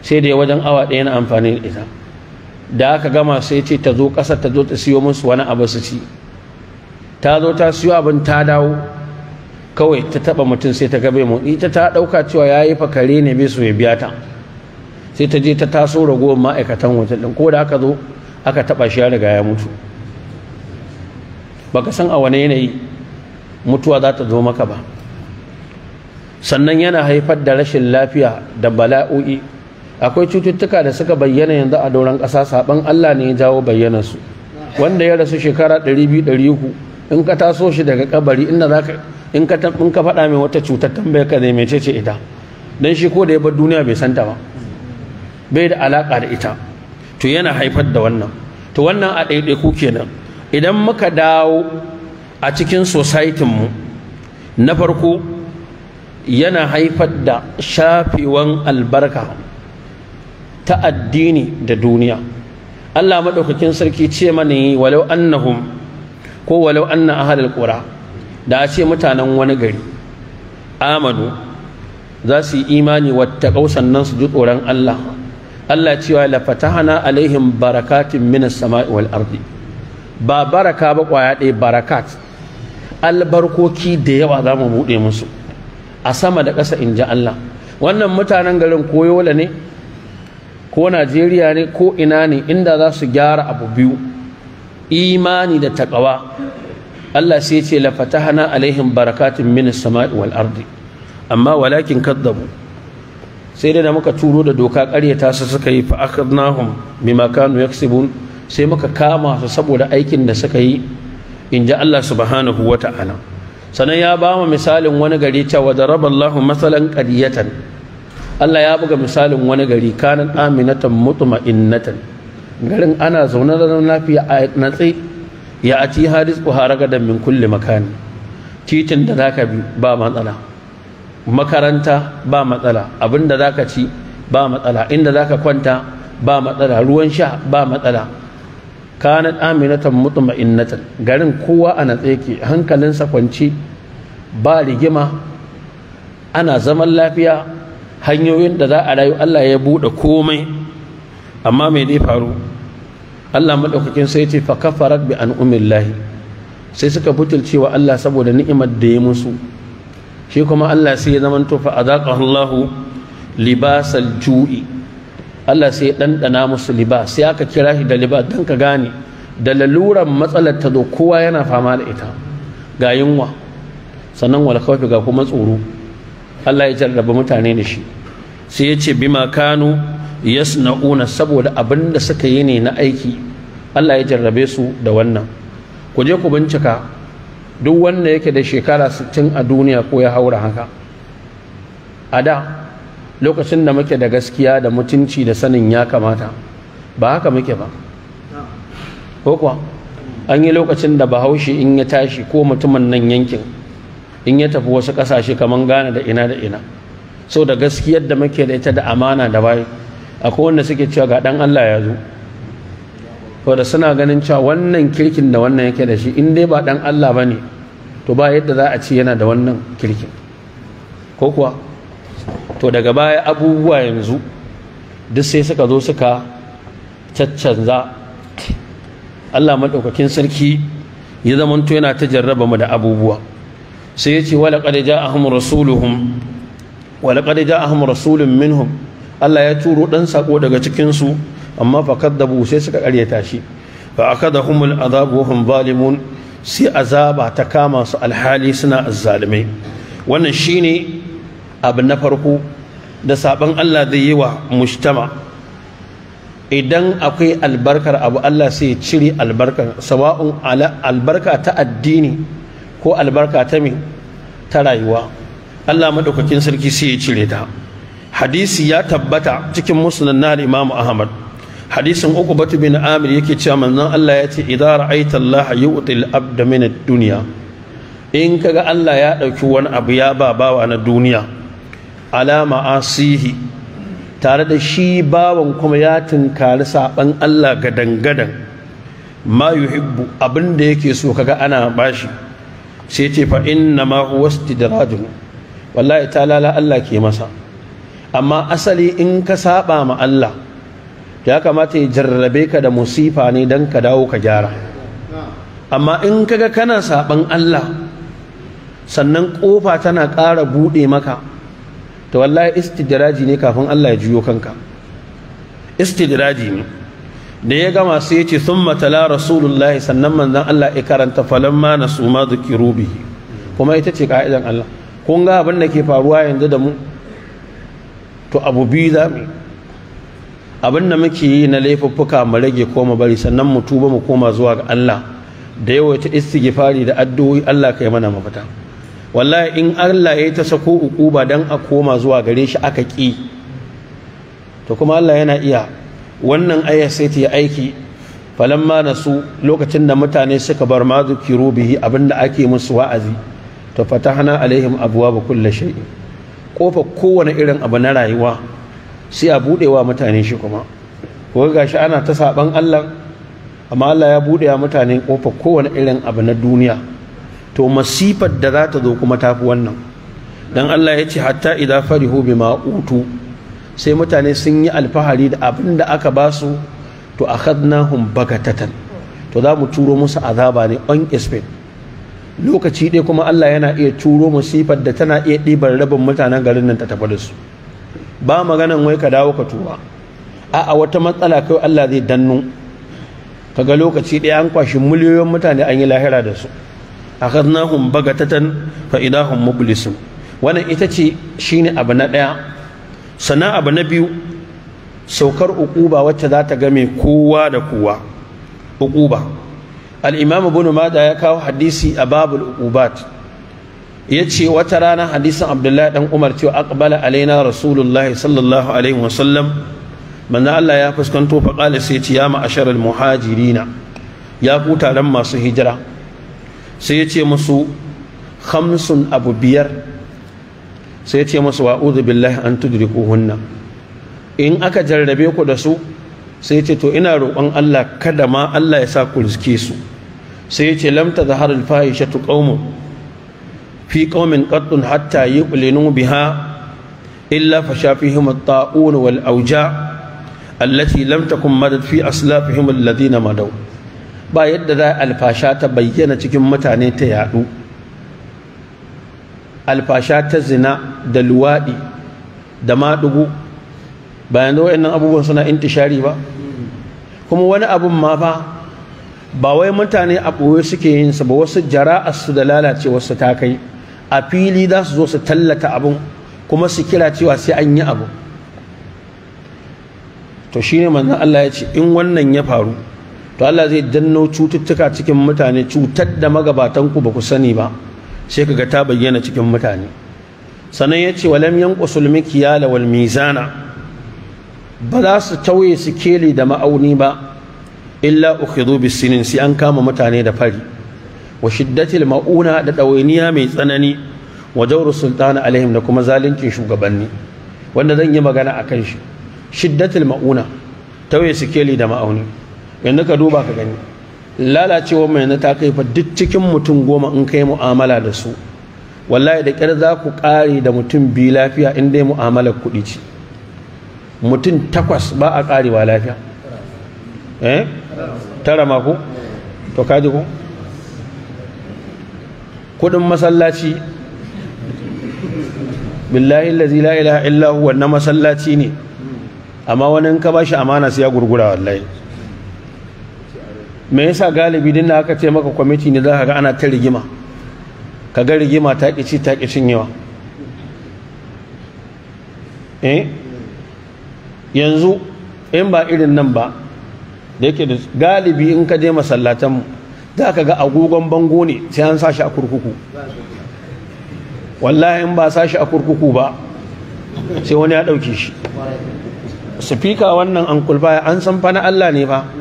[SPEAKER 2] sai da wajen awa ɗaya na amfani da ita da aka gama sai ce ta zo ƙasa ta zo ta siyo musu wani abu su ci ta zo ta siyo abin ta dawo kawai ta taɓa mutum sai ta gabe mu ita ta ɗauka cewa ya yi fakare ne bai su ya biya ta sai ta je ta taso ragowar ma'aikatan wajen ɗin ko da aka zo aka taɓa shi ya riga ya mutu baka san a wane yanayi mutuwa za ta zo maka ba sannan yana haifar da rashin lafiya da bala'o'i akwai cututtuka da suka bayyana yanzu a doron ƙasa saɓan Allah ne ya jawo bayyana su wanda ya rasu shekara 200 300 in ka taso shi daga kabari inda in ka faɗa mai wata cutar tambayar ka ne mecece ita dan shi ko da ya bar duniya bai santa ba bai da alaka da ita to yana haifar da wannan to wannan a ku kenan idan muka dawo a cikin society mu na farko yana haifar da shafewan albarka ta addini da duniya Allah madaukakin sarki ce mana yi walau annahum ko walau anna ahlul qura da a ce mutanen wani gari amanu za su yi imani wattaqau sannan su ji tsoron Allah Allah cewa la fatahana alaihim barakatin minas sama'i wal ardi ba baraka ba kwaya ɗaya barakat albarkoki da yawa za mu buɗe musu a sama da ƙasa in ji Allah wannan mutanen garin koyola ne ko najeriya ne ko ina ne inda za su gyara abu biyu imani da taƙawa allah sai ce la fatahana alaihim barakatun minas sama'i wal ardi amma walakin kaddabu sai dai da muka turo da doka ƙaryata su suka yi fa akhadnahum bima kanu yaksibun sai muka kama su saboda aikin da suka yi in ji Allah subhanahu wa ta'ala sanan ya ba mu misalin wani gari cewa daraballahu raballahu matsalan ƙaryatan Allah ya buga misalin wani gari kanan aminatan mutma'innatan garin ana zaune da lafiya a natsi ya ati hadis ku haragadan min kulli makani titin da zaka bi ba matsala makaranta ba matsala abinda zaka ci ba matsala inda zaka kwanta ba matsala ruwan sha ba matsala kanat aminatan mutma'innatan garin kowa a natse yake hankalinsa kwance ba rigima ana zaman lafiya hanyoyin da za a rayu Allah ya buɗe komai amma mai dai faru Allah maɗaukakin sai ce fa kafarat bi an'umillahi sai suka butulce wa Allah saboda ni'imar da ya musu shi kuma Allah sai ya zamanto fa azaqahu Allahu libasal ju'i Allah sai ya dandana musu libas sai aka kira shi da libas dan ka gane da laluran matsalar ta zo kowa yana fama da ita ga yunwa sannan wal ga kuma tsoro Allah ya jarraba mutane da shi sai ya ce bima kanu yasna'una saboda abin da suka yi ne na aiki Allah ya jarrabe su da wannan ku je ku bincika duk wanda yake da shekara 60 a duniya ko ya haura haka a da lokacin da muke da gaskiya da mutunci da sanin ya kamata ba haka muke ba ko kuwa an yi lokacin da bahaushe in ya tashi ko mutumin nan yankin in ya tafi wasu kasashe kamar gane da ina da ina so da gaskiyar da muke da ita da amana da bai akwai wanda suke cewa ga dan Allah ya zo to da suna ganin cewa wannan kirkin da wannan yake da shi in dai ba dan Allah bane to ba yadda za a ci yana da wannan kirkin ko kuwa to daga baya abubuwa yanzu duk sai suka zo suka caccanza Allah maɗaukakin sarki ya zamanto yana ta jarraba mu da abubuwa sai ya ce wala ƙadija ahun rasuluhun ahun rasulun minhum Allah ya turo ɗan saƙo daga cikinsu amma fa kaddabu sai suka ƙaryata shi fa kada humul hum zalimun sai azaba ta kama su alhali suna azzalimai wannan shine abu na farko da saban Allah zai yi wa mujtama' idan akwai albarkar abu Allah sai ya cire albarkar sawa'un albarka ta addini ko albarka ta me ta rayuwa Allah madaukakin sarki sai ya cire ta hadisi ya tabbata cikin musnad na Imam Ahmad hadisin Uqbah bin Amir yake cewa manzon Allah ya ce idza ra'aita Allah yu'ti al-abd min ad-dunya in kaga Allah ya dauki wani abu ya ba bawa na duniya alama asihi tare da shi bawan kuma ya tunkari saban Allah gadan gadan ma yuhibbu abinda yake so kaga ana bashi sai ce fa inna ma huwa istidrajun wallahi lala Allah ke masa amma asali in ka saba ma Allah ya kamata ya jarrabe ka da musifa ne dan ka dawo ka gyara amma in kaga kana saban Allah sannan kofa tana ƙara bude maka to wallahi istidraji ne kafin Allah ya juyo kanka istidraji ne da ya gama sai ya ce sun matala rasulullahi sannan manzan Allah ya karanta falamma na su ma kirubi. kuma ita ce ka'idan Allah kun ga abin da ke faruwa yanzu da mu to abu biyu za mu abin da muke yi na laifuffuka mu rage ko mu bari sannan mu tuba mu koma zuwa ga Allah da yawaita istighfari da addu'o'i Allah kai mana mafita wallahi in Allah ya ta sako ukuba dan a koma zuwa gare shi aka ki to kuma Allah yana iya wannan ayar sai ta yi aiki falamma su lokacin da mutane suka bar ma zukiru bihi abinda ake musu wa'azi to fatahna alaihim abwaaba kulli shay kofa kowane irin abu na rayuwa sai a budewa mutane shi kuma ko gashi ana ta saban Allah amma Allah ya bude wa mutane kofa kowane irin abu na duniya to masifar da za ta zo kuma tafi wannan dan Allah ya ce hatta idza farihu bima utu sai mutane sun yi alfahari da abin da aka ba su to a akhadnahum bagatatan to za mu turo musu azaba ne on spain lokaci ɗaya kuma Allah yana iya turo musifar da tana iya ɗibar rabin mutanen garin nan ta tafi da su ba maganan wai ka dawo ka tura a'a wata matsala kai Allah zai dannu kaga lokaci ɗaya an kwashi miliyoyin mutane an yi lahira da su A akhadnahum bagatatan fa idahum mublisun wannan ita ce shine abu na ɗaya Sana'a abu na biyu saukar uquba wacce za ta game kowa da kowa uquba al-imam ibn mada ya kawo hadisi a babul uqubat yace wata rana hadisin abdullahi dan umar cewa aqbala alaina rasulullahi sallallahu alaihi wasallam manzo Allah ya fuskanto fa qala sai ce ya ma'asharal muhajirina ya kuta taron masu hijira sai ya ce musu khamsun abu biyar sai ce masu wa'udhu billahi an tudrikuhunna in aka jarrabe ku da su sai ce to ina roƙon Allah kada ma Allah ya sa ku riske su sai ce lam tazhar al fahishatu qaumun fi qaumin qattun hatta yuqlinu biha illa fasha fihim at-ta'un wal awja allati lam takun madat fi aslafihim alladhina madaw ba yadda za alfasha ta bayyana cikin mutane ta yadu alfasha ta zina da luwaɗi da maɗugu bayan da wa'annan abubuwan suna intishari ba kuma wani abun ma fa ba wai mutane a ɓoye suke yin su ba wasu su da lalacewarsu ta kai a fili za su zo su tallata abun kuma su kira cewa sai an yi abu to shine manzon Allah ya ce in wannan ya faru to Allah zai danno cututtuka cikin mutane cutar da magabatan ku ba ku sani ba sai kaga ta bayyana cikin mutane sannan yace walam yanqusul mikyala wal mizana ba za su tauye su da ma'auni ba illa ukhidhu bis sinin sai an kama mutane da fari wa shiddatil mauna da ɗawainiya mai tsanani wa jawru sultana alaihim da kuma zaluncin shugabanni wanda zan yi magana akan shi shiddatil mauna tauye sikeli da ma'auni yanzu ka duba ka gani lalacewa mai na ta kai duk cikin mutum goma in kai mu'amala da su wallahi da kyar za ku kare da mutum bi lafiya in dai mu'amalar kuɗi ce mutum takwas ba a ba lafiya eh tara ku to kaji ku kuɗin masallaci billahi allazi la ilaha illa huwa na masallaci ne amma wani in ka ba shi amana sai ya gurgura wallahi me yasa galibi dinna aka ce maka kwamiti ne za ka ga ana ta rigima ka ga rigima ta ƙici ta ƙicin yawa eh? yanzu in ba irin nan ba da yake da galibi in ka je masallatanmu za ka ga agogon bango ne sai an sashi a kurkuku wallahi in ba sashi a kurkuku ba sai wani ya ɗauke shi sifika wannan an kulbaya an san fa na Allah ne ba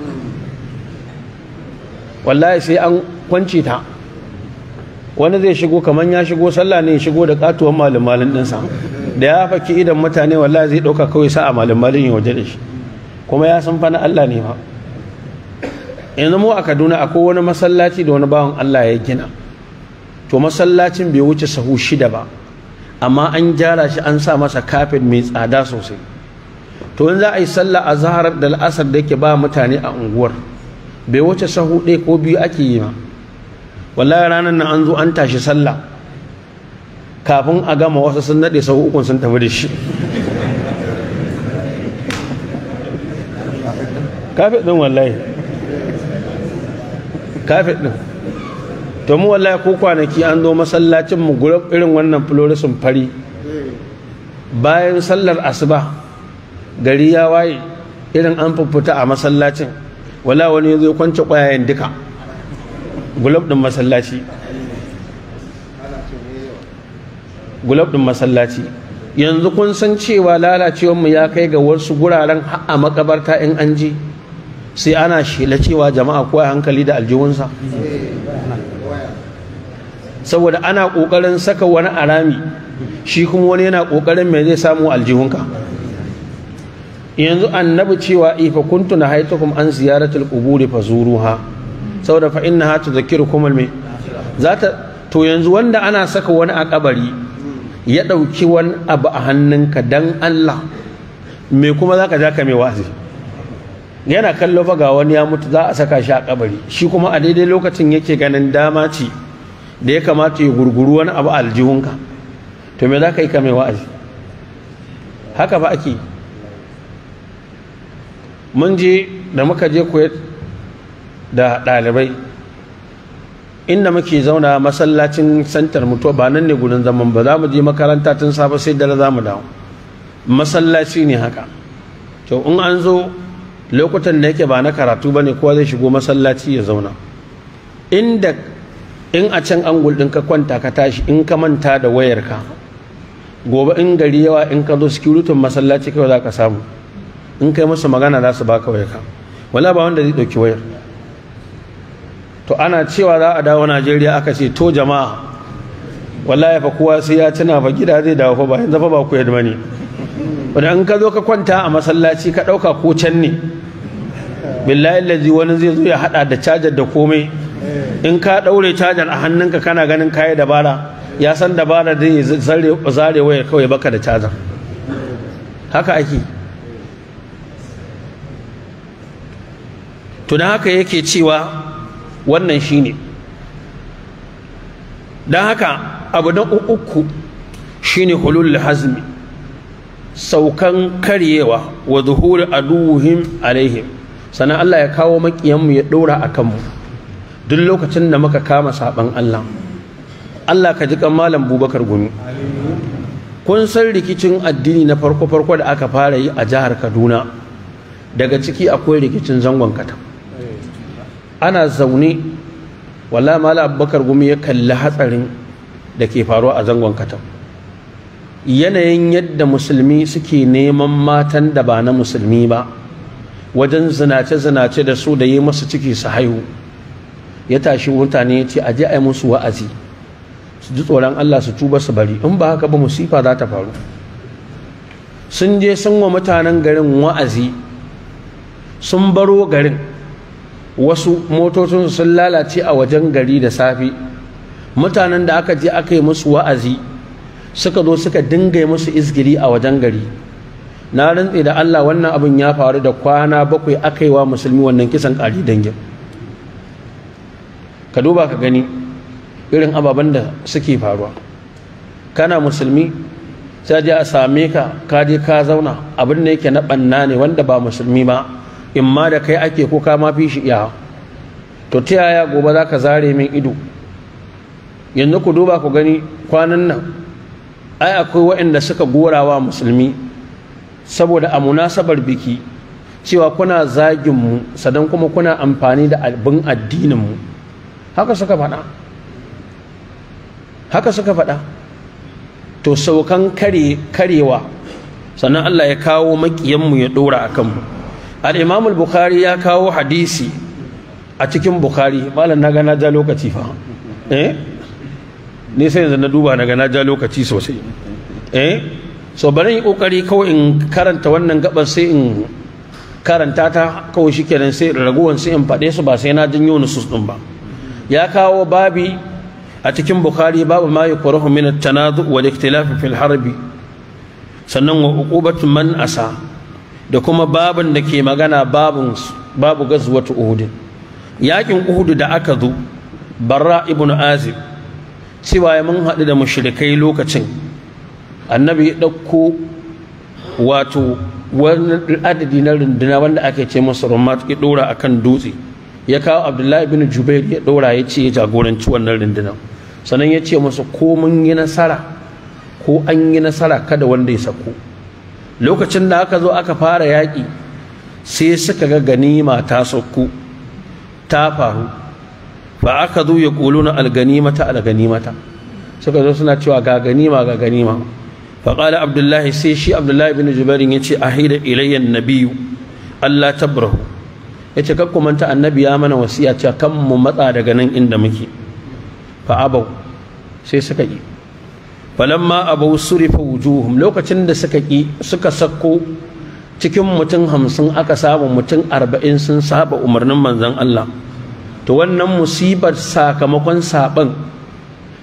[SPEAKER 2] wallahi sai an kwance ta wani zai shigo kamar ya shigo sallah ne ya shigo da katuwan malin malin ɗinsa da ya faki idan mutane wallahi zai ɗauka kawai a malin malin ya waje da shi kuma ya san fana Allah ne ba yanzu mu a Kaduna akwai wani masallaci da wani bawan Allah ya gina to masallacin bai wuce sahu shida ba amma an gyara shi an sa masa kafin mai tsada sosai to in za a yi sallah a zahar da al'asar da yake ba mutane a unguwar bai wace sahu ɗaya ko biyu ake yi ma wallahi ranar nan an zo an tashi sallah kafin a gama wasu sun naɗe sahu ukun sun tafi da shi kafin ɗin wallahi kafin ɗin to mu wallahi ko kwanaki an zo masallacin mu gurab irin wannan florisin fari bayan sallar asuba gari ya waye irin an fuffuta a masallacin wala wani zai kwance kwayayen duka gulab din masallaci gulab din masallaci yanzu kun san cewa lalacewanmu ya kai ga wasu guraren a makabarta in an ji sai ana shela cewa jama'a kowa hankali da aljihunsa saboda ana ƙoƙarin saka wani arami shi kuma wani yana ƙoƙarin mai zai samu aljihunka yanzu annabi cewa ifa kuntu na haitukum an ziyaratul quburi zuruha saboda fa innaha tudhkirukum al za ta to yanzu wanda ana saka wani a kabari ya dauki wani abu a hannunka dan Allah me kuma zaka ja ka mai wazi yana kallo fa ga wani ya mutu za a saka shi a kabari shi kuma a daidai lokacin yake ganin dama ce da ya kamata ya gurguru wani abu a aljihunka to me zaka yi ka mai wa'azi haka fa ake mun je da muka je koya da ɗalibai inda muke zauna masallacin santar mutuwa ba nan ne gudun zaman ba za mu je makaranta tun safe sai dare za mu dawo masallaci ne haka to in an zo lokutan da yake ba na karatu ba ne kowa zai shigo masallaci ya zauna inda in a can angul ɗin ka kwanta ka tashi in ka manta da wayarka gobe in gari yawa in ka zo tun masallaci kawai za ka samu in kai musu magana za su baka waya ka wala ba wanda zai dauki wayar to ana cewa za a dawo najeriya aka ce to jama'a wallahi fa kowa sai ya tana fa gida zai dawo fa ba yanzu fa ba ku yadda ne wanda in ka zo ka kwanta a masallaci ka ɗauka ko can ne billahi allazi wani zai zo ya haɗa da cajar da komai in ka ɗaure cajar a hannunka kana ganin kayi dabara ya san dabara zai zare wayar kawai baka da cajar haka ake to don haka yake cewa wannan shine don haka abu na uku shine hulul hazmi saukan karyewa wa zuhuri aduhim alaihim sannan Allah ya kawo makiyanmu ya ɗora a kanmu duk lokacin da muka kama saɓan Allah Allah ka ji kan malam bubakar gumi kun san rikicin addini na farko-farko da aka fara yi a jihar kaduna daga ciki akwai rikicin zangon katam ana zaune wala mala abubakar gumi ya kalli hatsarin da ke faruwa a zangon katam yanayin yadda musulmi suke neman matan da ba na musulmi ba wajen zinace-zinace da su da yi masu ciki su haihu ya tashi mutane ya ce aje a yi musu wa'azi su ji tsoron Allah su tuba su bari in ba haka ba musifa za ta faru sun je sun wa mutanen garin wa'azi sun baro garin wasu motocin sun lalace a wajen gari da safi. mutanen da aka je aka yi musu wa'azi suka zo suka dinga musu izgiri a wajen gari na rantse da Allah wannan abin ya faru da kwana bakwai aka yi wa musulmi wannan kisan ƙari dangin ka duba ka gani irin ababen da suke faruwa kana musulmi sai a same ka ka je ka zauna abin da yake na banna ne wanda ba musulmi ba in ma da kai ake ko kama ma fi shi iya to ta yaya gobe za ka zare min ido yanzu ku duba ku gani kwanan nan ai akwai waɗanda suka gora wa musulmi saboda a munasabar biki cewa kuna zaginmu mu sadan kuma kuna amfani da abin addininmu. haka suka faɗa haka suka faɗa to saukan karewa sannan Allah ya kawo makiyanmu ya ɗora a kanmu al-imam al-bukhari ya kawo hadisi a cikin bukhari malam na na ja lokaci fa eh ne sai yanzu na duba na gana ja lokaci sosai eh so bari yi kokari kawai in karanta wannan gaban sai in karanta ta kawai shikenan sai ragowan sai in faɗe su ba sai na janyo su din ba ya kawo babi a cikin bukhari babu ma yukrahu min at-tanadu wal ikhtilaf fil harbi sannan wa uqubatu man asa da kuma babin da ke magana babu babu gazuwatu uhudin yakin Uhudu da aka zo barra ibn azib cewa mun haɗu da mushrikai lokacin annabi ya ɗauko wato wani adadi na runduna wanda ake ce masa rumat ya ɗora a kan dutse ya kawo abdullahi bin jubair ya ɗora ya ce ya jagoranci wannan rundunar sannan ya ce masa ko mun yi nasara ko an yi nasara kada wanda ya sako lokacin da aka zo aka fara yaƙi sai suka ga ganima ta sauko ta faru Ba aka zo ya ƙuluna alganimata alganimata suka zo suna cewa ga ganima ga ganima Baƙala abdullahi sai shi abdullahi bin jubair yace haida ilayya nabiyu Allah tabrahu yace kar ku manta annabi ya mana wasiya cewa kan mu matsa daga nan inda muke fa abau sai suka yi falamma abau surifa wujuhum lokacin da suka ki suka sako cikin mutum hamsin aka samu mutum arba'in sun saba umarnin manzon Allah to wannan musibar sakamakon saban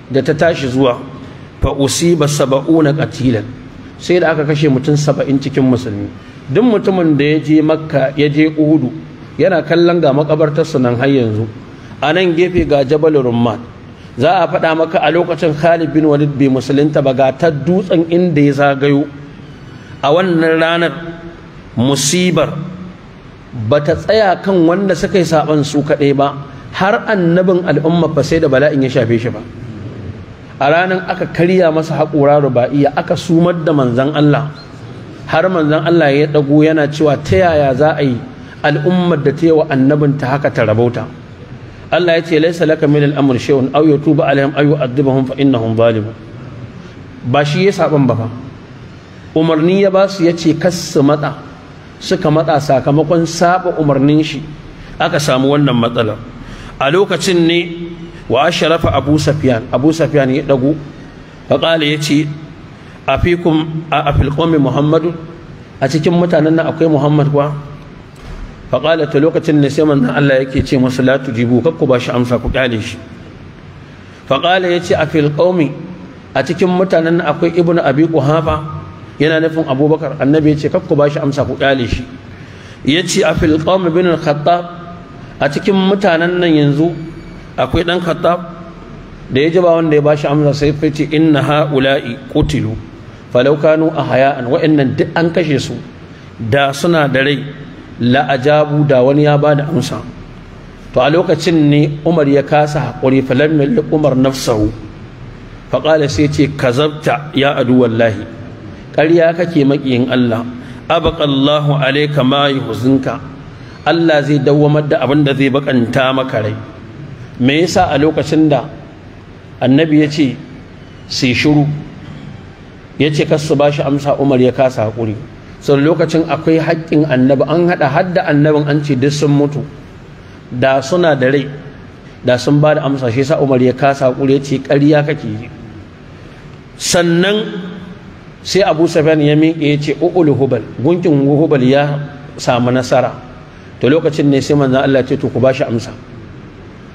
[SPEAKER 2] da ta tashi zuwa fa usiba na qatilan sai da aka kashe mutum saba'in cikin musulmi duk mutumin da ya je makka ya je uhudu yana kallon ga makabartarsa nan har yanzu a nan gefe ga jabal rumman za a faɗa maka a lokacin Khalid bin Walid bai musulunta ba ga ta dutsen inda ya zagayo a wannan ranar musibar ba ta tsaya kan wanda suka yi saban su kaɗai ba har annabin al'umma fa sai da bala'in ya shafe shi ba a ranar aka karya masa haƙura ruba'iya aka sumar da manzan Allah har manzan Allah ya ɗago yana cewa ta yaya za a yi al'ummar da ta yi wa annabinta haka ta rabauta Allah ya ce laisa laka min al-amr shay'un aw yatuba alaihim aw yu'adhibuhum fa innahum zalimun ba shi ya saban ba fa umarni ya ba su yace kassu matsa suka matsa sakamakon saba umarnin shi aka samu wannan matsala a lokacin ne wa asharafa abu Safiyan, abu Safiyan ya dago fa qala yace afikum a afil qawmi muhammadu a cikin mutanen nan akwai muhammad kuwa faƙala ta lokacin da sai manzon Allah yake ce masu la tujibu ba shi amsa ku kyale shi faƙala ya ce a fil qaumi a cikin mutanen akwai ibnu abi quhafa yana nufin abubakar annabi ya ce kakku ba shi amsa ku kyale shi ya ce a fil qaumi bin khattab a cikin mutanen nan yanzu akwai dan khattab da ya jaba wanda ya ba shi amsa sai fice inna haula'i qutilu falau kanu ahya'an wa'annan duk an kashe su da suna da rai la'ajabu da wani ya ba da amsa to a lokacin ne umar ya kasa haƙuri falammin umar nafsahu faƙala sai ce kazabta ya adu wallahi ƙarya kake maƙiyin Allah abaƙallahu alaika ma yuhzinka Allah zai dawwamar da abin da zai baƙanta maka rai me yasa a lokacin da annabi ya ce sai shiru ya ce kasu ba shi amsa umar ya kasa haƙuri sun lokacin akwai haƙƙin annabi an haɗa hadda annabin an ce duk sun mutu da suna da rai da sun ba da amsa shi sa umar ya kasa ƙure ce ƙarya kake yi sannan sai abu sufyan ya miƙe ya ce u'ul hubal gunkin hubal ya samu nasara to lokacin ne sai manzan Allah ce to ku ba shi amsa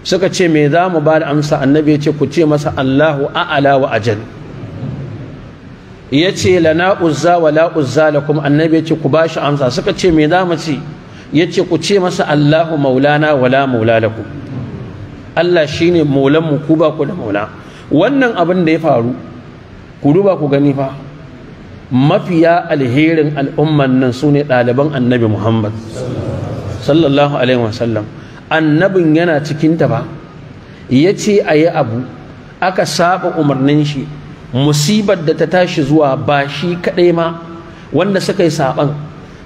[SPEAKER 2] suka ce me za mu ba da amsa annabi ya ce ku ce masa Allahu a'ala wa ajal ya ce lana uzza wa la uzza lakum annabi ya ce ku bashi amsa suka ce me za mu ce ya ce ku ce masa Allahu maulana wa la maula lakum Allah shine maulan mu ku ba ku da maula wannan abin da ya faru ku duba ku gani fa mafiya alherin al'umman nan su ne ɗaliban annabi Muhammad sallallahu alaihi wasallam annabin yana cikin ta ba ya ce a yi abu aka saba umarnin shi musibar da ta tashi zuwa ba shi kaɗai ma wanda suka yi saɓan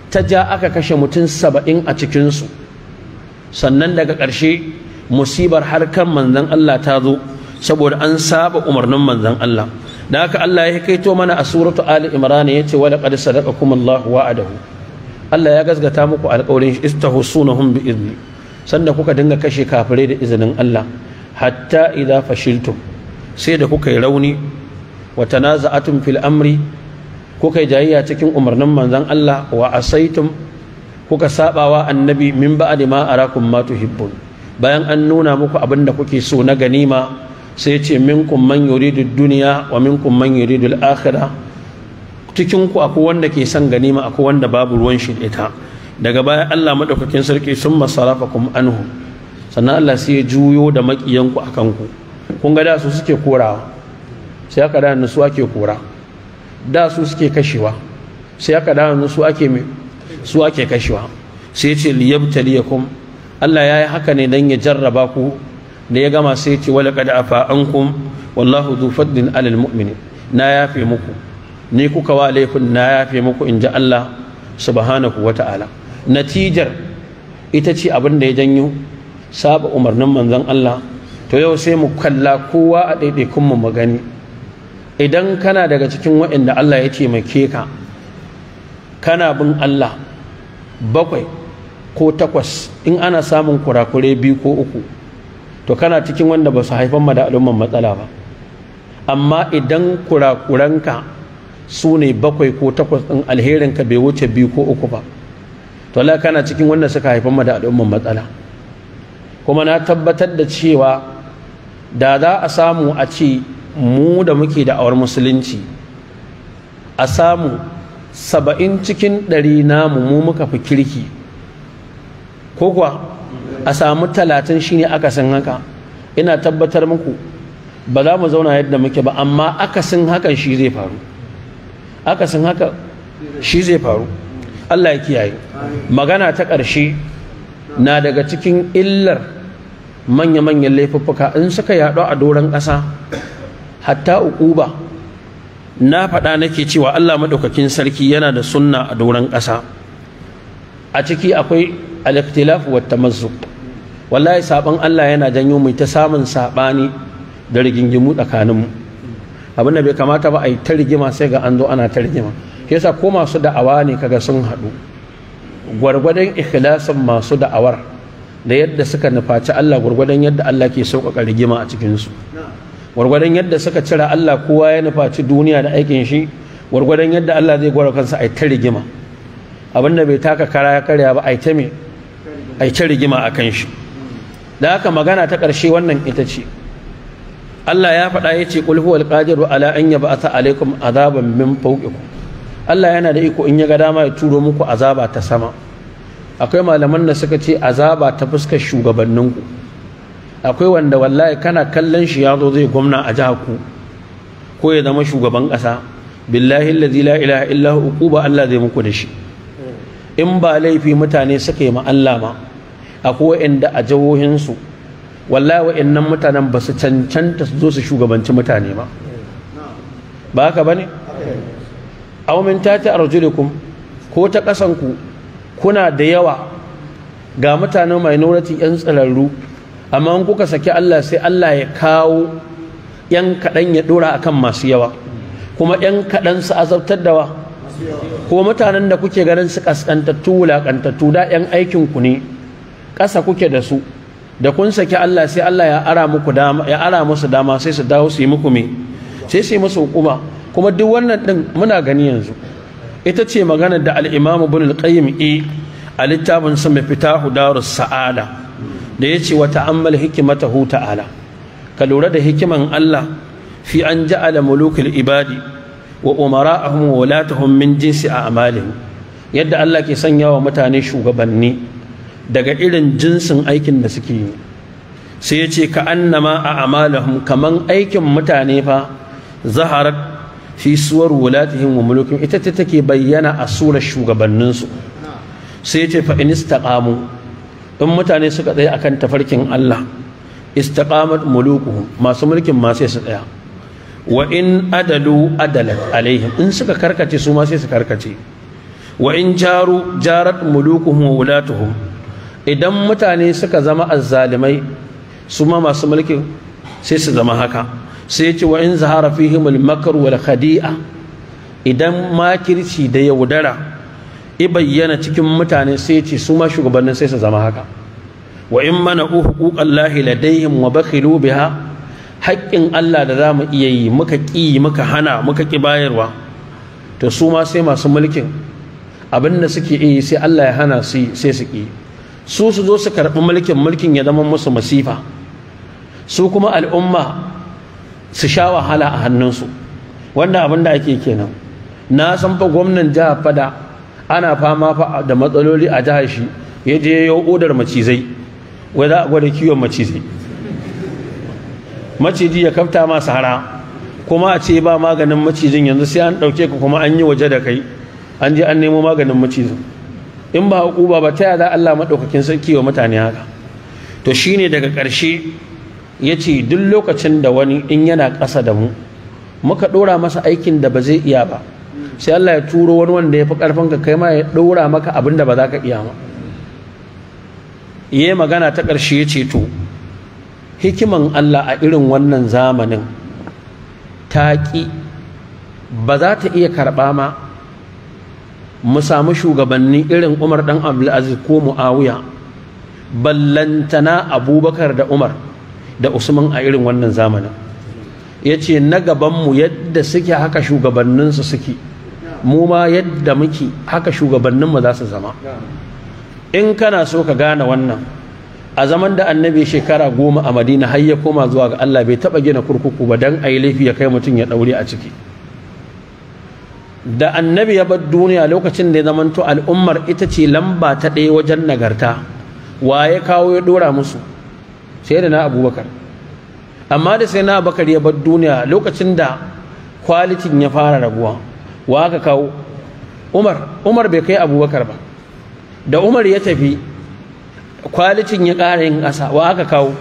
[SPEAKER 2] ta ja aka kashe mutum saba'in a cikinsu sannan daga ƙarshe musibar harkar manzan Allah ta zo saboda an saba umarnin manzan Allah da aka Allah ya kaito mana a suratu Ali Imran ya ce walaqad sadaqakum Allahu wa'adahu Allah ya gazgata muku alƙawarin hun bi izni sanda kuka dinga kashe kafirai da izinin Allah hatta idza fashiltum sai da kuka yi rauni wa tanaza'atum fil amri kuka yi jayayya cikin umarnin manzon Allah wa asaitum kuka sabawa annabi min ba'di ma arakum ma tuhibbun bayan an nuna muku abin da kuke so na ganima sai ce minkum man yuridu dunya wa minkum man yuridu al-akhirah cikin ku akwai wanda ke son ganima akwai wanda babu ruwan shi ita daga baya Allah madaukakin sarki sun masarafakum anhu sannan Allah sai ya juyo da makiyanku akan ku kun ga da su suke korawa sai aka da nusu ake kora da su suke kashewa sai aka da nusu ake su ake kashewa sai ce liyabtaliyakum Allah ya yi haka ne don ya jarraba ku da ya gama sai ce wala qad afa ankum wallahu dhu alil alal mu'minin na yafe muku ni kuka wa laifin na yafe muku in ji Allah subhanahu wata'ala natijar ita ce abin da ya janyo saba umarnin manzon Allah to yau sai mu kalla kowa a ɗaiɗaikunmu mu magani idan kana daga cikin waɗanda Allah ya taimake ka kana bin Allah bakwai ko takwas in ana samun kurakure biyu ko uku to kana cikin wanda ba su haifan da al'umman matsala ba amma idan kurakuranka su ne bakwai ko takwas ɗin alherinka bai wuce biyu ko uku ba to Allah kana cikin wanda suka haifan ma da al'umman matsala kuma na tabbatar da cewa da za a samu a ce mu da muke da da'awar musulunci a samu saba'in cikin ɗari namu mu muka fi kirki ko kuwa a samu talatin shi ne akasin haka ina tabbatar muku ba za mu zauna yadda muke ba amma akasin haka shi zai faru akasin haka shi zai faru Allah ya kiyaye magana ta ƙarshe na daga cikin illar manya-manyan laifuffuka in suka yaɗu a doron ƙasa hatta uquba na faɗa nake cewa Allah madaukakin sarki yana da sunna a doron ƙasa a ciki akwai al-ikhtilaf wa tamazzuq wallahi saban Allah yana janyo mu ta samun sabani da rigingimu tsakanin mu abin da bai kamata ba a yi ta rigima sai ga an zo ana ta rigima yasa ko masu da'awa ne kaga sun haɗu gwargwadon ikhlasin masu da'awar da yadda suka nufaci Allah gwargwadon yadda Allah ke sauƙaƙa rigima a cikinsu gwargwadon yadda suka cira Allah kowa ya nufaci duniya da aikin shi wargwadon yadda Allah zai gwara kansa a ta rigima abinda bai taka kara ya karya ba a ta me a ta rigima a kan shi da haka magana ta ƙarshe wannan ita ce Allah ya faɗa ya ce qul huwal wa ala an yab'atha alaikum azaban min fawqikum Allah yana da iko in ya ga dama ya turo muku azaba ta sama akwai malaman da suka ce azaba ta fuskar shugabanninku akwai wanda wallahi kana kallon shi ya zo zai gwamna a jihar ku ko ya zama shugaban ƙasa billahi allazi la ilaha illa uquba Allah zai muku da shi in ba laifi mutane suka yi ma Allah ma akwai wa'anda a jawohin su wallahi wa'annan mutanen ba su cancanta su zo su shugabanci mutane ba ba haka bane aw min tati arjulukum ko ta ƙasan ku kuna da yawa ga mutanen minority yan tsararru. amma in kuka saki Allah sai Allah ya kawo yan kaɗan ya ɗora akan masu yawa kuma yan kaɗan su azabtar da wa ko mutanen da kuke ganin su kaskantattu wulaƙantattu da yan aikin ku ne ƙasa kuke da su da kun saki Allah sai Allah ya ara muku dama ya ara musu dama sai su dawo su yi muku me sai su yi musu hukuma kuma duk wannan din muna gani yanzu ita ce magana da al-Imam Ibn al-Qayyim eh, a littafin sa mafita fitahu darus sa'ada da ya ce wa ta'ammal hu ta'ala ka lura da hikiman Allah fi an ja'ala mulukul ibadi wa umara'ahum wa walatahum min jinsi a amalihim yadda Allah ke sanya wa mutane shugabanni daga irin jinsin aikin da suke yi sai ya ce ka annama a amalahum kaman aikin mutane fa zaharat fi suwar wulatihim wa mulukin ita ta take bayyana a surar shugabanninsu sai ce fa in kamu. in mutane suka tsaya akan tafarkin Allah istikamar mulukuhum masu mulkin ma sai su tsaya wa in adalu adalat alaihim in suka karkace su ma sai su karkace wa in jaru jarat mulukuhum wa wulatuhum idan mutane suka zama azzalimai su ma masu mulkin sai su zama haka sai ce wa in zahara fihim al makr wal khadi'a idan makirci da yaudara i bayyana cikin mutane sai ce su ma shugabannin sai su zama haka wa in mana huquqan lahi ladaihim wa bakhilu biha haƙƙin Allah da zamu iya yi muka ƙi muka hana muka ƙi bayarwa to su ma sai masu mulkin abin da suke yi sai Allah ya hana su sai su ƙi su su zo su karɓi mulkin mulkin ya zama musu masifa su kuma al'umma su sha wahala a hannunsu wanda abin da ake kenan na san fa gwamnan jihar fada ana fama da matsaloli a jihar shi ya je yau odar macizai wai za a gwada kiwon macizai maciji ya kafta ma sahara kuma a ce ba maganin macijin yanzu sai an ɗauke ka kuma an yi waje da kai an je an nemo maganin macizin in ba hukuba ba ta yada Allah maɗaukakin sarki wa mutane haka to shine daga ƙarshe ya ce duk lokacin da wani in yana ƙasa da mu muka ɗora masa aikin da ba zai iya ba sai Allah ya turo wani wanda ya fi karfin ka kai ma ya ɗora maka abin da ba za ka iya ma yayi magana ta ƙarshe ya ce to hikiman Allah a irin wannan zamanin ta ƙi ba za ta iya karɓa ma mu samu shugabanni irin Umar dan Abdulaziz ko Muawiya ballantana Abubakar da Umar da Usman a irin wannan zamanin ya ce na gabanmu yadda suke haka shugabanninsu suke mu ma yadda muke haka shugabannin mu za su zama in kana so ka gane wannan a zaman da annabi shekara goma a madina har ya koma zuwa ga allah bai taba gina kurkuku ba don a yi laifi ya kai mutum ya ɗaure a ciki da annabi ya bar duniya lokacin da ya zamanto al'ummar ita ce lamba ta ɗaya wajen nagarta wa ya kawo ya ɗora musu sai da na abubakar amma da sai na abubakar ya bar duniya lokacin da kwalitin ya fara raguwa wa aka kawo umar umar bai kai abubakar ba da umar ya tafi kwalicin ya ƙara yin ƙasa wa aka kawo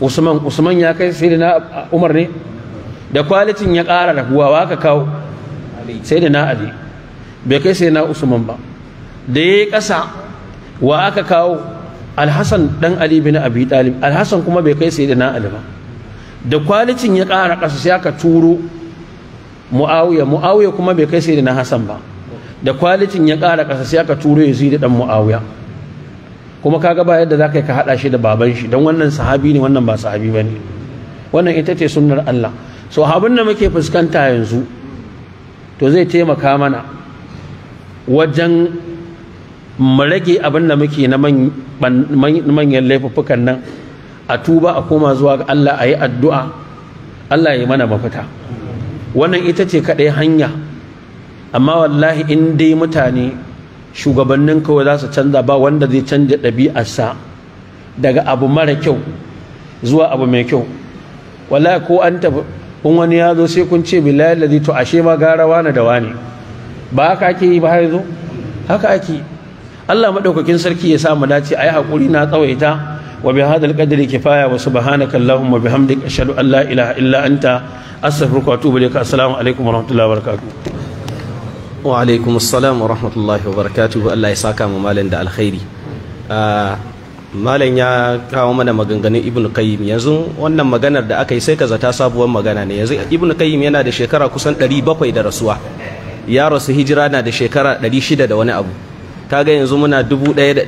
[SPEAKER 2] usman usman ya kai sai na umar ne da kwalicin ya ƙara raguwa wa aka kawo sai da na ali bai kai sai na usman ba da ya yi ƙasa wa aka kawo alhassan ɗan ali bin abi talib alhassan kuma bai kai sai da na ali ba da kwalicin ya ƙara ƙasa sai aka turo muawiya muawiya kuma bai kai sayyidina Hassan ba da kwalitin ya ƙara ƙasa sai aka turo yazid dan muawiya kuma kaga ba yadda zaka ka hada shi da baban shi dan wannan sahabi ne wannan ba sahabi ne. wannan ita ce sunnar Allah so abin da muke fuskanta yanzu to zai taimaka mana wajen mu rage abin da muke na manyan laifuffukan nan a tuba a koma zuwa ga Allah a yi addu'a Allah ya yi mana mafita wannan ita ce kaɗai hanya amma wallahi in dai mutane shugabannin kawai za su canza ba wanda zai canja ɗabi'arsa daga abu mara kyau zuwa abu mai kyau wallahi ko an tafi in wani ya zo sai kun ce da zai to ashe ma gara wani da wani ba haka ake yi ba haizo haka ake Allah maɗaukakin sarki ya sa mu a yi haƙuri na tsawaita وبهذا القدر كفاية وسبحانك اللهم وبحمدك أشهد أن لا إله إلا أنت أستغفرك وأتوب إليك السلام عليكم ورحمة الله وبركاته
[SPEAKER 1] وعليكم السلام ورحمة الله وبركاته الله يساك ممالن دا الخير malam ya kawo mana maganganun ibn qayyim yanzu wannan maganar da aka yi sai ka zata sabuwar magana ne yanzu ibn qayyim yana da shekara kusan 700 da rasuwa ya rasu hijira na da shekara 600 da wani abu kaga yanzu muna 1400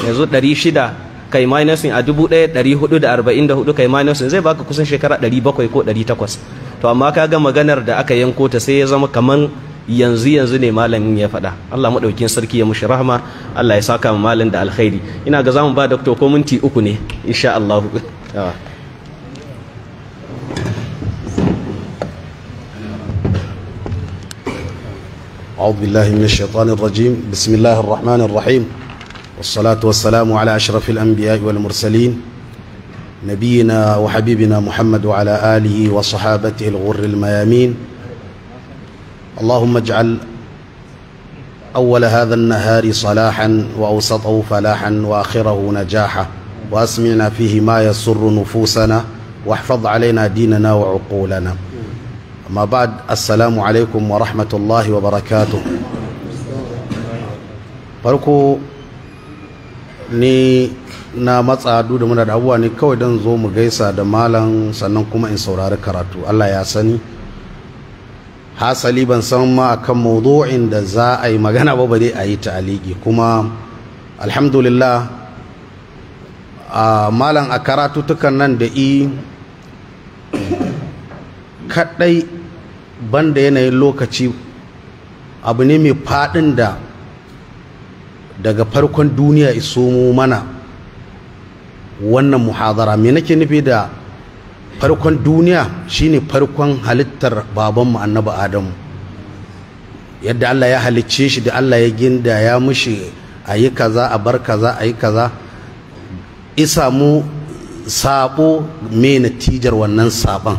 [SPEAKER 1] yanzu 600 kai minusin a 1444 kai minusin zai baka kusan shekara 700 ko 800 to amma kaga maganar da aka yanko ta sai ya zama kaman yanzu yanzu ne malamin ya faɗa Allah maɗaukin sarki ya mushi rahama Allah ya saka malam da alkhairi ina ga zamu ba doctor ko minti uku ne insha Allah
[SPEAKER 3] أعوذ بالله من الشيطان الرجيم بسم الله الرحمن الرحيم والصلاة والسلام على أشرف الأنبياء والمرسلين نبينا وحبيبنا محمد وعلى آله وصحابته الغر الميامين اللهم اجعل أول هذا النهار صلاحا وأوسطه فلاحا وآخره نجاحا وأسمعنا فيه ما يسر نفوسنا واحفظ علينا ديننا وعقولنا أما بعد السلام عليكم ورحمة الله وبركاته فاركو ni na matsa hadu da muna da abuwa ne kawai don zo mu gaisa da malam sannan kuma in saurari karatu Allah ya sani hasali ban san ma akan mawdu'in da za a yi magana ba bare a yi aliki kuma alhamdulillah a malam a karatu tukan nan da i kadai banda yanayin lokaci abu ne mai faɗin da daga farkon duniya isomo mana wannan muhazara me nake nufi da farkon duniya shine farkon halittar babanmu annabi adamu yadda Allah ya halicce shi da Allah ya ginda ya mushi ayi kaza a bar kaza ayi kaza isa mu sabo me natijar wannan saban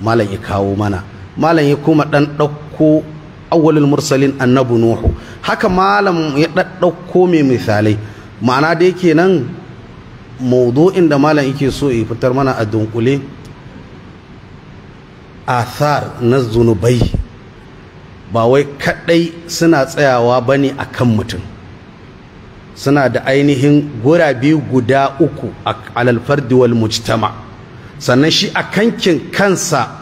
[SPEAKER 3] malam ya kawo mana malam ya kuma dan ɗauko awwalul mursalin annabi nuhu haka malam ya daddauko mai misalai ma'ana da yake nan mawdu'in da malam yake so ya fitar mana a dunkule athar na zunubai ba wai kadai suna tsayawa bane akan mutum suna da ainihin gurabe guda uku alal fardi wal mujtama sannan shi a kankin kansa